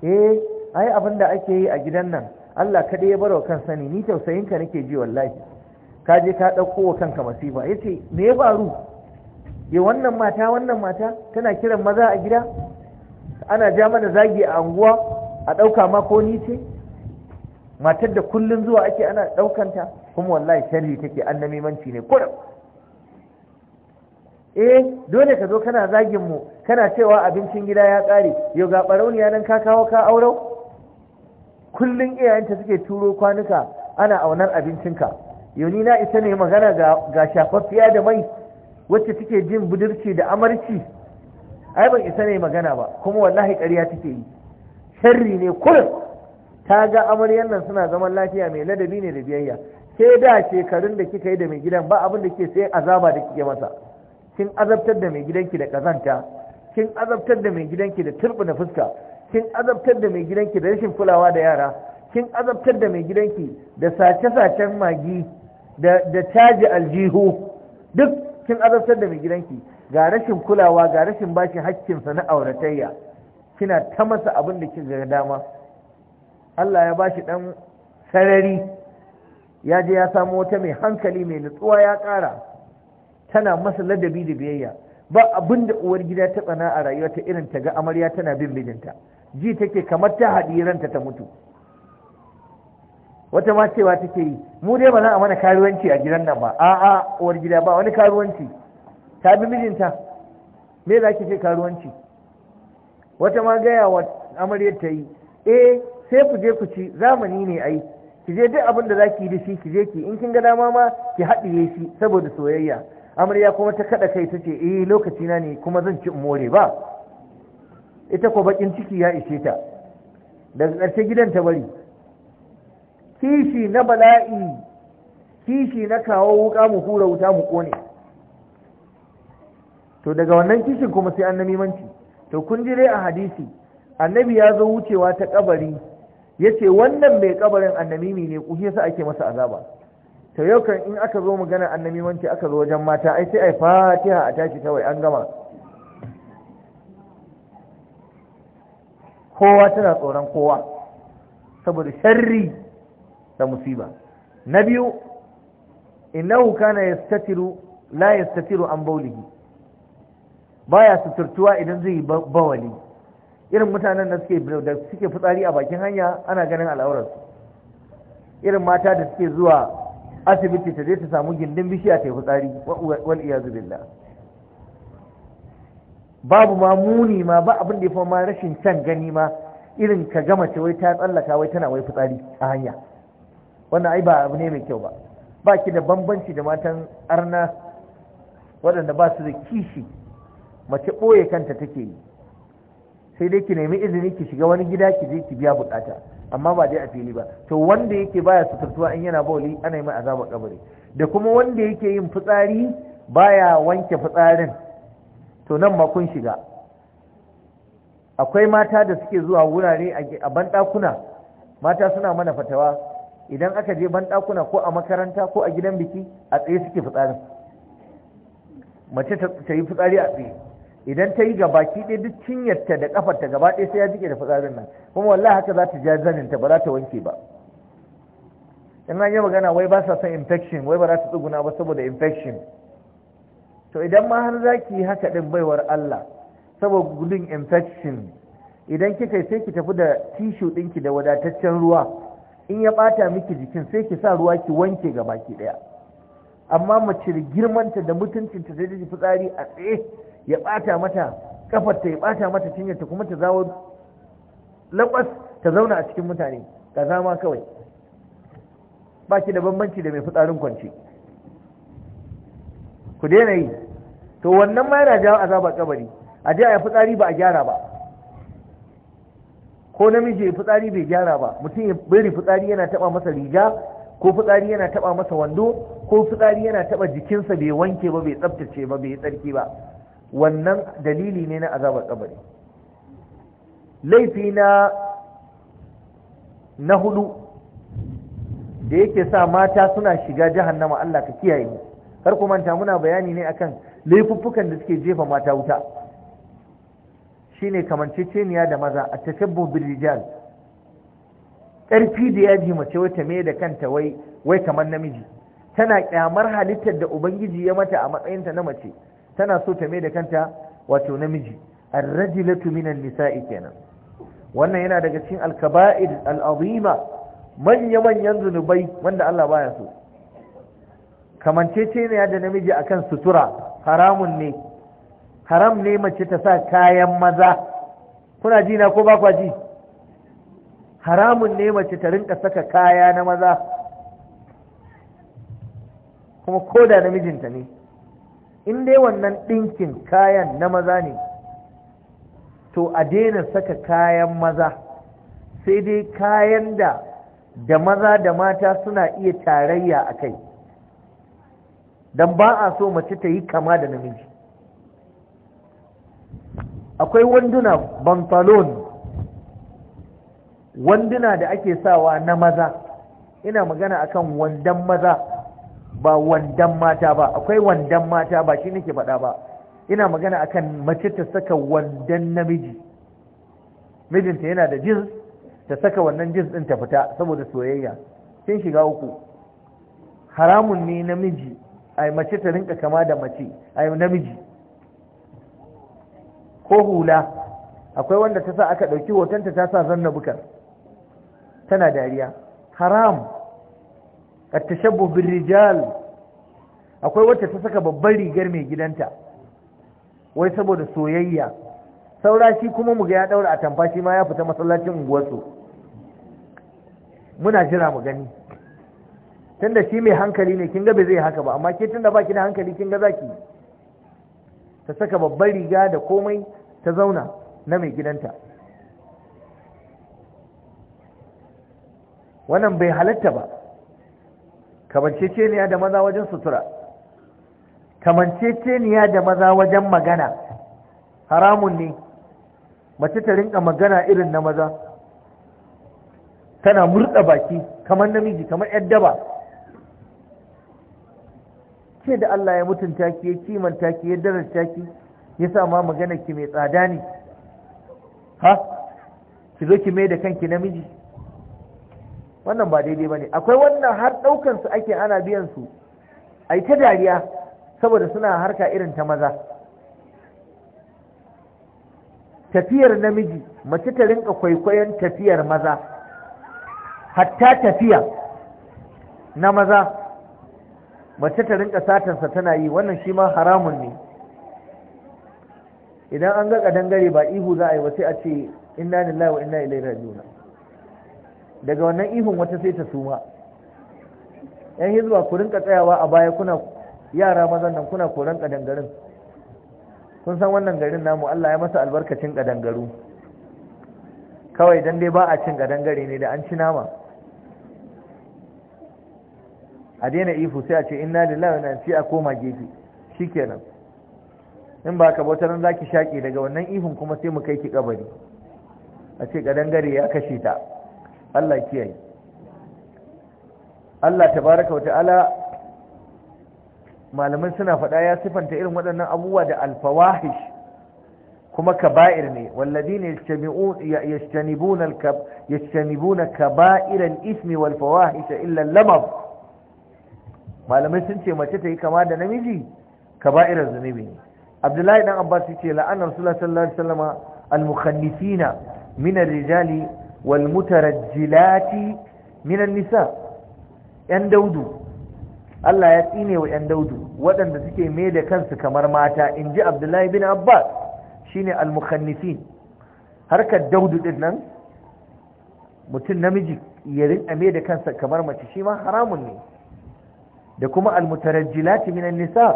eh ai abin da ake yi a gidan nan Allah kaɗai ya barwa kan sani ni tausayinka nake ji wallahi ka je ka ɗauko wa kanka masifa ya ce me ya faru ya eh, wannan mata wannan mata tana kiran maza a gida ana ja mana zagi a anguwa a ɗauka ma ko ni ce matar da kullun zuwa ake ana ɗaukanta kuma wallahi sharri take annamimanci ne kurum eh dole ka zo kana zagin mu kana cewa abincin gida ya ƙare yau ga ɓarauniya nan ka kawo ka aurau Kullum iyayenta suke turo kwanuka ana aunar abincinka yoni na ita ne magana ga shafaffiya da mai wacce take jin budurci da amarci ai ban isa ne magana ba kuma wallahi ƙarya take yi sharri ne kurin ta ga amaryan nan suna zaman lafiya mai ladabi ne da biyayya sai da shekarun da kika yi da mai gidan ba abin da ke sai azaba da kike masa kin azabtar da mai gidanki da kazanta kin azabtar da mai gidanki da turbina fuska kin azabtar da mai gidanki da rashin kulawa da yara kin azabtar da mai gidanki da sace-sacen magi da caji aljihu duk kin azabtar da mai gidanki ga rashin kulawa ga rashin bashi hakkinsa na auratayya kina ta masa abin da kin ga dama Allah ya bashi dan sarari ya je ya samu wata mai hankali mai nutsuwa ya ƙara tana masa ladabi da biyayya ba abin da uwar gida ta tsana a rayuwa ta irin ta ga amarya tana bin mijinta ji take kamar ta haɗi ranta ta mutu wata ma cewa take yi mu dai ba za a mana karuwanci a gidan nan ba a'a uwar gida ba wani karuwanci ta bi mijinta me za ki ce karuwanci wata ma gaya wa amaryar ta yi eh sai ku je ku ci zamani ne ai ki je duk abin da za ki yi da shi ki je ki in kin ga dama ma ki haɗiye shi saboda soyayya amarya kuma ta kaɗa kai ta ce eh lokaci na ne kuma zan ci more ba ita ko bakin ciki ya ishe ta daga ƙarshe gidan ta bari kishi na bala'i kishi na kawo wuka mu hura wuta mu kone to daga wannan kishin kuma sai annabi manci to kun ji dai a hadisi annabi ya zo wucewa ta kabari yace wannan mai kabarin annamimi ne ku yasa ake masa azaba to yau kan in aka zo magana annabi manci aka zo wajen mata ai sai ai fatiha a tashi wai an gama kowa tana tsoron kowa saboda sharri ta musiba na biyu innahu kana yastatiru la yastatiru an baulihi baya suturtuwa idan zai bawali irin mutanen da suke da suke fitsari a bakin hanya ana ganin al'aurarsu irin mata da suke zuwa asibiti ta je ta samu gindin bishiya ta yi fitsari wal iyazu billah babu ma muni ma ba abin da ya fi ma rashin can gani ma irin ka gama ce wai ta tsallaka wai tana wai fitsari a hanya wannan ai ba abu ne mai kyau ba ba ki da bambanci da matan arna waɗanda ba su da kishi mace ɓoye kanta take yi sai dai ki nemi izini ki shiga wani gida ki je ki biya buƙata. amma ba dai a fili ba to wanda yake baya suturtuwa in yana bauli ana yi mai azabar kabari da kuma wanda yake yin fitsari baya wanke fitsarin to nan ma kun shiga akwai mata da suke zuwa wurare a banɗakuna mata suna mana fatawa idan aka je ban ɗakuna ko a makaranta ko a gidan biki a tsaye suke fitsarin mace ta yi fitsari a tsaye idan ta yi ga baki ɗaya duk cinyarta da kafarta gaba ɗaya sai ya jike da fitsarin nan kuma wallahi haka za ta ja zaninta ba za ta wanke ba in an yi magana wai ba sa son infection wai ba za ta tsuguna ba saboda infection to idan ma har za ki yi haka ɗin baiwar Allah saboda gudun infection idan kika sai ki tafi da tishu ɗinki da wadataccen ruwa in ya bata miki jikin sai ki sa ruwa ki wanke ga baki daya amma mace da girmanta da mutuncinta sai ta fitsari a tsaye ya bata mata kafarta ta ya bata mata cinyarta ta kuma ta zawo labas ta zauna a cikin mutane kaza zama kawai ba ki da bambanci da mai fitsarin kwanci ku daina yi to wannan ma yana jawo azaba kabari a je a fitsari ba a gyara ba ko namiji ya fitsari bai gyara ba mutum ya bari fitsari yana taba masa riga ko fitsari yana taba masa wando ko fitsari yana taba jikinsa bai wanke ba bai tsaftace ba bai tsarki ba wannan dalili ne na azabar kabari laifi na na hudu da yake sa mata suna shiga jahannama Allah ka kiyaye mu kar ku manta muna bayani ne akan laifuffukan da suke jefa mata wuta shine kamanceceniya da maza a tashabbu bil rijal ƙarfi da yaji mace wata me da kanta wai wai kamar namiji tana kyamar halittar da ubangiji ya mata a matsayinta na mace tana so ta me da kanta wato namiji ar-rajulatu minan nisa'i kenan wannan yana daga cikin al-kaba'ir al manya-manyan zunubai wanda Allah baya so kamanceceniya da namiji akan sutura haramun ne haram ne mace ta sa kayan maza kuna ji na ko ba kwa ji haramun ne mace ta rinka saka kaya na maza kuma ko da namijinta ne in dai wannan ɗinkin kayan na maza ne to a daina saka kayan maza sai dai kayan da da maza da mata suna iya tarayya a kai don ba a so mace ta yi kama da namiji akwai wanduna bantalon wanduna da ake sawa na maza ina magana akan wandan maza ba wandan mata ba akwai wandan mata ba shi nake faɗa ba ina magana akan mace ta saka wandan namiji mijinta yana da jins ta saka wannan jins ɗin ta fita saboda soyayya sun shiga uku haramun ne namiji ai mace ta rinka kama da mace ai namiji ko hula akwai wanda ta sa aka ɗauki hotonta ta sa zanna bukar tana dariya haram A bin rijal akwai wacce ta saka babbar rigar mai gidanta wai saboda soyayya saura shi kuma muga ya daura tamfa shi ma ya fita masallacin unguwarsu muna jira mu gani tunda shi mai hankali ne kin ga bai zai haka ba amma ke tunda baki da hankali kin ga zaki ta saka babbar riga da komai ta zauna na mai gidanta wannan bai halatta ba kamanceceniya da maza wajen sutura kamanceceniya da maza wajen magana haramun ne mace ta rinka magana irin na maza tana murda baki kamar namiji kamar yadda ba ce da Allah ya mutunta ki ya kimanta ki ya darar ki yasa ma magana ki mai tsada ne ha ki zo ki mai da kanki namiji wannan ba daidai ba ne. akwai wannan har daukan su ake ana biyan su ai ta dariya saboda suna harka irin ta maza tafiyar namiji mace ta rinka kwaikwayon tafiyar maza hatta tafiya na maza mace ta rinka satansa tana yi wannan shi ma haramun ne idan an ga kadangare ba ihu za a yi ba a ce inna lillahi wa inna ilaihi raji'un daga wannan ihun wata sai ta suma yan hizba ku rinka tsayawa a baya kuna yara mazan nan kuna koran kadangarin kun san wannan garin namu Allah ya masa albarkacin kadangaru kawai dan dai ba a cin kadangare ne da an ci nama a daina ihu sai a ce inna lillahi wa inna ilaihi a koma gefe shikenan in ba ka bautar nan ki shaƙe daga wannan ihun kuma sai mu kai ki kabari a ce dangare ya kashe ta Allah kiyaye Allah tabaraka wa ta'ala malaman suna faɗa ya sifanta irin waɗannan abubuwa da alfawahish kuma kaba'ir ne walladina yajtanibuna yajtanibuna kaba'ir al-ithmi wal fawahish illa al-lamam malamai sun ce mace ta yi kama da namiji kaba'ir zunubi ne abdullahi dan abbas yace la'ana rasulullahi sallallahu alaihi wasallama al-mukhannifina min ar-rijali wal mutarajjilati min an-nisa yan daudu Allah ya tsine wa yan daudu waɗanda suke mai da kansu kamar mata inji abdullahi bin abbas shine al-mukhannifin harkar daudu din nan mutum namiji ya rinka mai da kansa kamar mace shi ma haramun ne da kuma al-mutarajjilati min an-nisa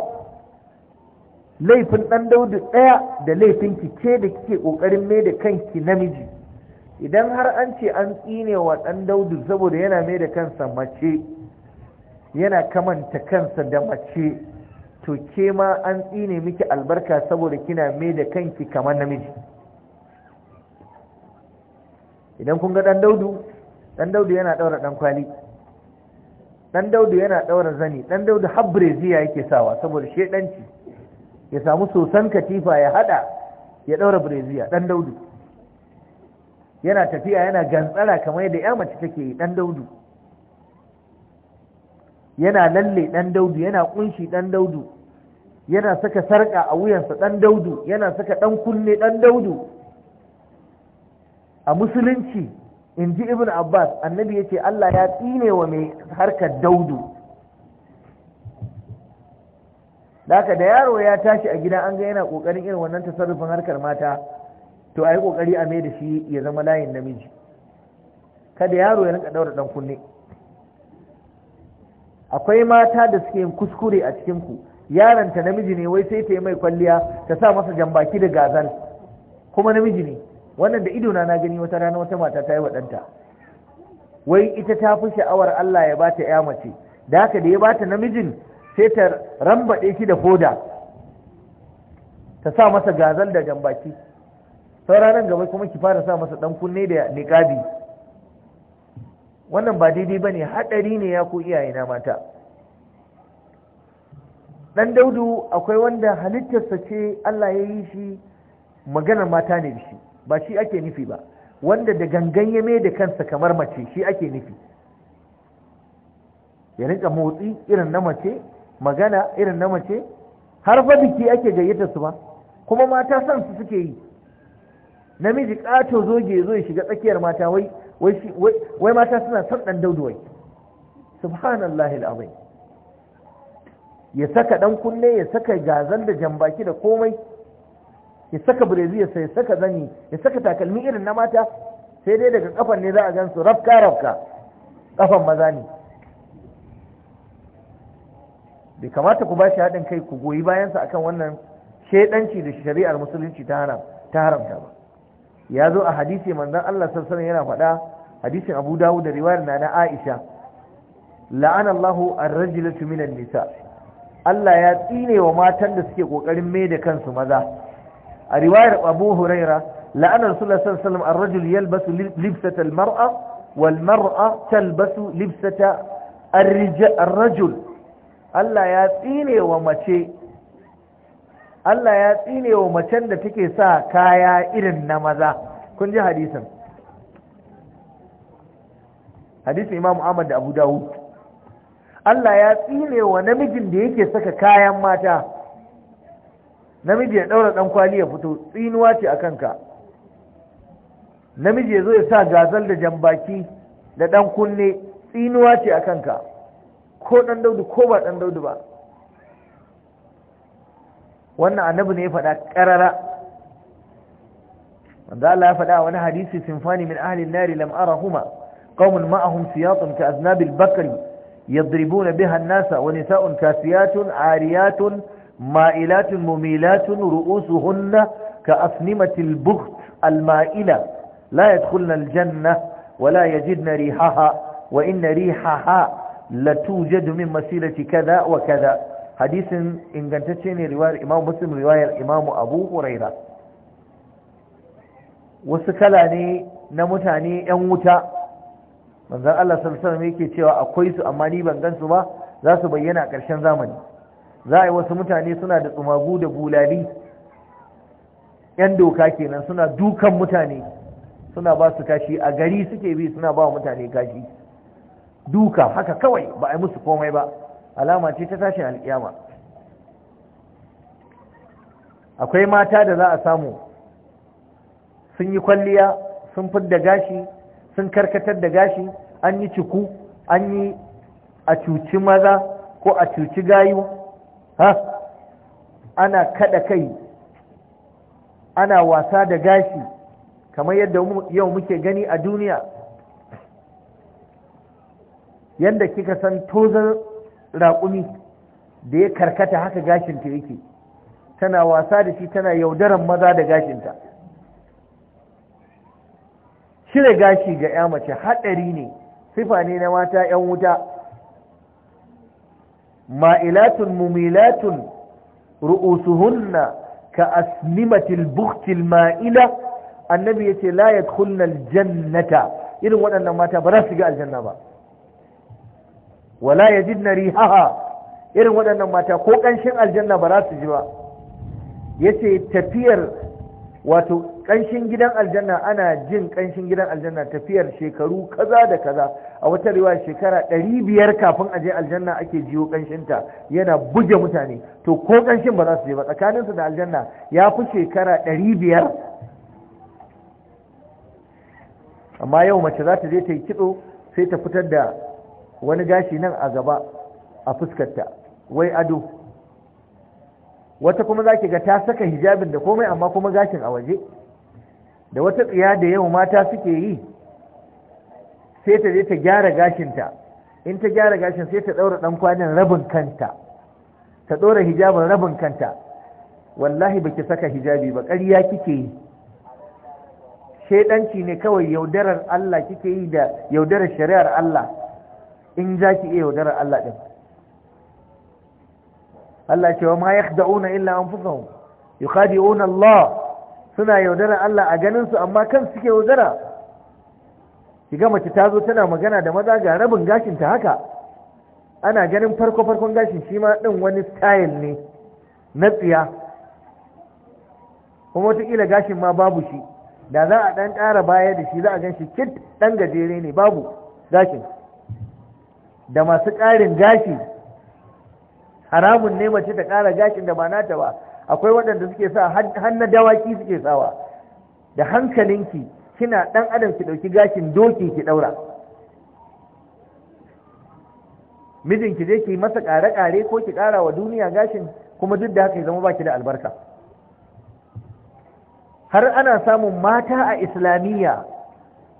laifin ɗan daudu ɗaya da laifin ki ce da kike ƙoƙarin mai da kanki namiji idan har an ce an tsine wa ɗan daudu saboda yana mai da kansa mace yana kamanta kansa da mace to ke ma an tsine miki albarka saboda kina mai da kanki kamar namiji idan kun ga ɗan daudu ɗan daudu yana ɗaura ɗan kwali ɗan daudu yana ɗaura zani ɗan daudu har ziya yake sawa saboda shedanci ya samu sosan katifa ya hada ya daura breziya dan daudu yana tafiya yana gantsara kamar yadda ya mace take yi dan daudu yana lalle dan daudu yana kunshi dan daudu yana saka sarka a wuyansa dan daudu yana saka dan kunne dan daudu a musulunci in ji ibn abbas annabi ya ce allah ya tsine wa mai harkar daudu da da yaro ya tashi a gida an ga yana kokarin irin wannan tasarrufin harkar mata to a yi kokari a mai da shi ya zama layin namiji kada yaro ya rinka daura dan kunne akwai mata da suke yin kuskure a cikin ku yaron ta namiji ne wai sai ta yi mai kwalliya ta sa masa jambaki da gazal kuma namiji ne wannan da idona na gani wata rana wata mata ta yi wa ɗanta wai ita ta fi sha'awar Allah ya bata ya mace da haka da ya bata namijin sai ta rambaɗe shi da hoda ta sa masa gazal da jambaki sauranan gaba kuma ki fara sa masa ɗan kunne da niƙabi wannan ba daidai ba ne haɗari ne ya ku iyayena mata ɗan daudu akwai wanda halittarsa ce Allah ya yi shi maganar mata ne shi ba shi ake nufi ba wanda da gangan ya mai da kansa kamar mace shi ake nufi ya rinka motsi irin na mace magana irin na mace har fa biki ake gayyata su ba kuma mata san su suke yi namiji kato zoge zo ya shiga tsakiyar mata wai wai mata suna son dan daudu wai subhanallahi alazim ya saka dan kunne ya saka gazan da jambaki da komai ya saka burezi ya saka zani ya saka takalmi irin na mata sai dai daga kafan ne za a gan su rafka rafka kafan maza ne bai kamata ku bashi haɗin kai ku goyi bayansa akan wannan shaidanci da shari'ar musulunci ta haramta ba ya zo a hadisi manzon Allah sallallahu yana faɗa hadisin Abu Dawud da riwayar na Aisha la'ana Allahu ar-rajulatu minan nisa Allah ya tsine wa matan da suke ƙoƙarin mai da kansu maza a riwayar Abu Huraira la'anar Rasulullah sallallahu alaihi yalbasu libsata mara wal mar'a talbasu libsata ar-rajul Allah ya tsine wa mace Allah ya tsine wa macen da take sa kaya irin na maza kun ji hadisin hadisin Imam Ahmad da Abu Dawud Allah ya tsine wa namijin da yake saka kayan mata namiji ya daura dan kwali ya fito tsinuwa ce akan ka namiji ya zo ya sa gazal da jambaki da dan kunne tsinuwa ce akan ka ko dan daudu ko ba dan daudu ba wannan annabi ne ya faɗa ƙarara wanda Allah ya faɗa wani hadisi sinfani min ahlin nari lam arahuma qaumun ma'ahum siyatun ka aznabil bakri yadribuna biha an-nasa wa nisa'un kasiyatun ariyatun ma'ilatun mumilatun ru'usuhunna ka asnimatil bukht al-ma'ila la yadkhulna al-janna wa la yajidna rihaha wa inna rihaha Latu tujadu min masilati kaza wa kaza hadisin ingantacce ne riwayar Imam Muslim riwayar Imam Abu Huraira wasu kala ne na mutane yan wuta manzon Allah sallallahu alaihi yake cewa akwai su amma ni ban gansu ba za su bayyana a ƙarshen zamani za a yi wasu mutane suna da tsumagu da bulali yan doka kenan suna dukan mutane suna ba su kashi a gari suke bi suna ba mutane kashi duka haka kawai ba a yi musu komai ba alama ce ta tashin alkiyama akwai mata da za a samu sun yi kwalliya sun fidda gashi sun karkatar da gashi an yi ciku an yi a cuci maza ko a cuci gayu ha ana kada kai ana wasa da gashi kamar yadda yau muke gani a duniya yadda kika san tozar raƙumi da ya karkata haka gashinta yake tana wasa da shi tana yaudaran maza da gashinta cire gashi ga ya mace haɗari ne sifa ne na mata 'yan wuta ma'ilatun mumilatun ru'usuhunna ka asnimatil buktil ma'ila annabi ya ce la yadkhulna aljannata irin waɗannan mata ba za su ga aljanna ba wala ya yajidna rihaha irin waɗannan mata ko ƙanshin aljanna ba za su ji ba ya ce tafiyar wato ƙanshin gidan aljanna ana jin ƙanshin gidan aljanna tafiyar shekaru kaza da kaza a wata riwa shekara ɗari biyar kafin a je aljanna ake jiyo ƙanshinta yana buge mutane to ko ƙanshin ba za su je ba tsakaninsu da aljanna ya fi shekara ɗari biyar amma yau mace za ta je ta yi kitso sai ta fitar da wani gashi nan a gaba a fuskarta wai ado wata kuma zaki ga ta saka hijabin da komai amma kuma gashin a waje da wata tsiya da yau mata suke yi sai ta je ta gyara gashinta in ta gyara gashin sai ta ɗaura ɗan kwanin rabin kanta ta ɗora hijabin rabin kanta wallahi baki saka hijabi ba ƙarya kike yi shaidanci ne kawai yaudarar Allah kike yi da yaudarar shari'ar Allah in za ki iya yaudarar Allah ɗin Allah ce wa ma ya da'una illa an fusan yukhadi'una Allah suna yaudarar Allah a ganinsu amma kan suke yaudara ki ga mace ta zo tana magana da maza ga rabin gashinta haka ana ganin farko-farkon gashin shi ma ɗin wani style ne na tsiya kuma wataƙila gashin ma babu shi da za a ɗan ƙara baya da shi za a gan shi kit ɗan gajere ne babu gashin da masu ƙarin gashi haramun ne mace ta ƙara gashin da ba nata ba akwai waɗanda suke sa hannun dawaki suke sawa da hankalinki kina ɗan adam ki ɗauki gashin doki ki ɗaura mijinki je ki masa ƙare-ƙare ko ki ƙara wa duniya gashin kuma duk da haka ya zama baki da albarka har ana samun mata a islamiyya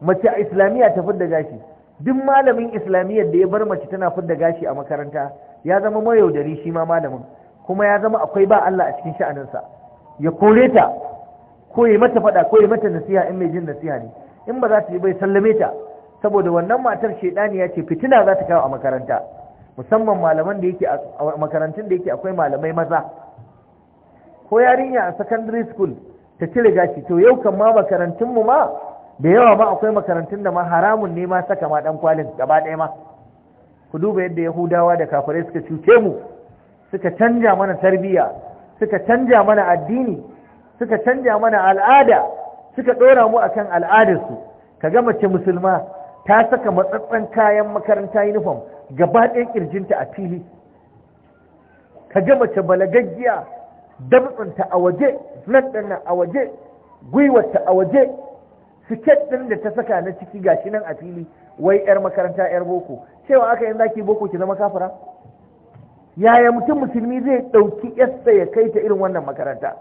mace a islamiyya ta da gashi duk malamin islamiyyar da ya bar mace tana fidda gashi a makaranta ya zama mayaudari shi ma malamin kuma ya zama akwai ba Allah a cikin sha'aninsa ya kore ta ko ya mata faɗa ko ya mata nasiha in mai jin nasiha ne in ba za ta yi bai sallame ta saboda wannan matar shaidani ya ce fitina za ta kawo a makaranta musamman malaman da yake a makarantun da yake akwai malamai maza ko yarinya a secondary school ta cire gashi to yau kan ma makarantun mu ma da yawa ba akwai makarantun da ma haramun ne ma saka ma dan kwalin gaba ɗaya ma ku duba yadda yahudawa da kafirai suka cuce mu suka canja mana tarbiyya suka canja mana addini suka canja mana al'ada suka ɗora mu akan al'adarsu ka ga mace musulma ta saka matsatsen kayan makaranta uniform gaba ɗaya kirjinta a fili ka ga mace balagaggiya damtsanta a waje nan ɗin a waje gwiwarta a waje siket ɗin da ta saka na ciki gashi nan a fili wai 'yar makaranta 'yar boko cewa aka yin zaki boko ki zama kafira yaya mutum musulmi zai ɗauki yasta ya kai ta irin wannan makaranta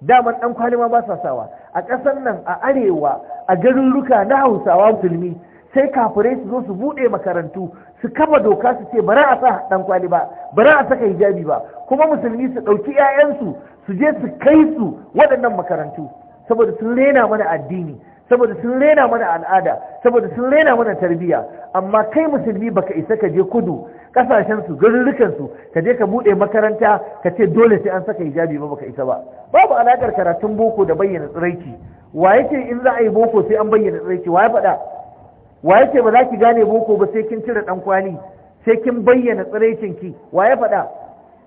daman ɗan kwalima ba sa sawa a ƙasar nan a arewa a garuruka na hausawa musulmi sai kafirai su zo su buɗe makarantu su kafa doka su ce bara a sa ɗan kwali ba bari a saka hijabi ba kuma musulmi su ɗauki 'ya'yansu su je su kai su waɗannan makarantu saboda sun rena mana addini saboda sun rena mana al'ada saboda sun rena mana tarbiyya amma kai musulmi baka isa ka je kudu kasashen su garurukan su ka je ka bude makaranta ka ce dole sai an saka hijabi ba baka isa ba babu alakar karatun boko da bayyana tsiraici wa yake in za a yi boko sai an bayyana tsiraici wa ya faɗa wa yake ba za ki gane boko ba sai kin cire dan kwali sai kin bayyana tsiraicin ki wa ya faɗa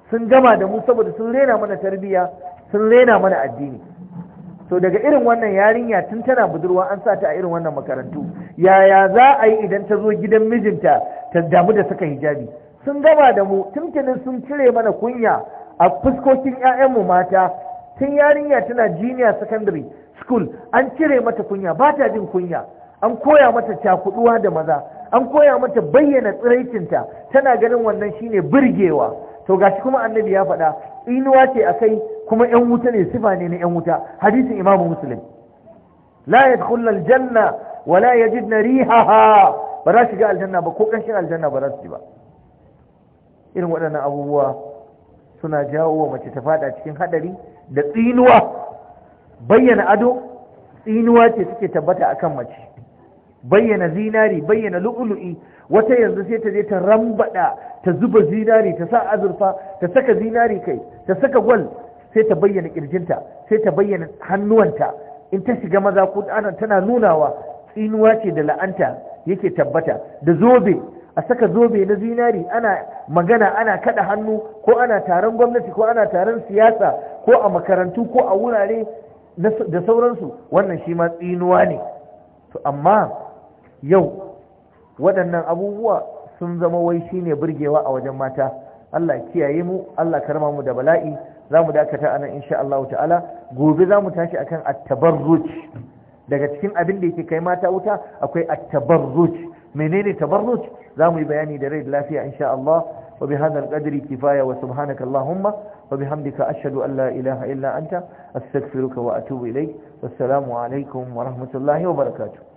sun gama da mu saboda sun rena mana tarbiyya sun rena mana addini to daga irin wannan yarinya tun tana budurwa an sa ta a irin wannan makarantu yaya za a yi idan ta zo gidan mijinta ta damu da saka hijabi sun gaba da mu tuntunin sun cire mana kunya a fuskokin mu mata tun yarinya tana junior secondary school an cire mata kunya ba ta jin kunya an koya mata cakuduwa da maza an koya mata bayyana tsiraicinta tana ganin wannan shine birgewa to gashi kuma annabi ya faɗa tsinuwa ce a kai kuma yan wuta ne sifa ne na yan wuta hadisin imamu muslim la yadkhulul aljanna wa la rihaha ba za shiga aljanna ba ko kanshin aljanna ba za su ji ba irin waɗannan abubuwa suna jawo wa mace ta fada cikin haɗari da tsinuwa bayyana ado tsinuwa ce suke tabbata a kan mace bayyana zinari bayyana lu'ulu'i wata yanzu sai ta je ta rambada ta zuba zinari ta sa azurfa ta saka zinari kai ta saka gwal sai ta bayyana kirjinta sai ta bayyana hannuwanta in ta shiga maza ko tana nunawa tsinuwa ce da la'anta yake tabbata da zobe a saka zobe na zinari ana magana ana kada hannu ko ana taron gwamnati ko ana taron siyasa ko a makarantu ko a wurare da sauransu wannan shi ma tsinuwa ne to amma yau waɗannan abubuwa sun zama wai shine burgewa a wajen mata Allah kiyaye mu Allah karma mu da bala'i za mu dakata anan, insha Allah ta'ala gobe za mu tashi akan at-tabarruj daga cikin abin da yake kai mata wuta akwai at-tabarruj menene tabarruj za mu yi bayani da rai da lafiya insha Allah wa bi hadha al-qadri kifaya wa subhanaka allahumma wa bihamdika ashhadu an la ilaha illa anta astaghfiruka wa atubu ilayk wassalamu alaikum wa rahmatullahi wa barakatuh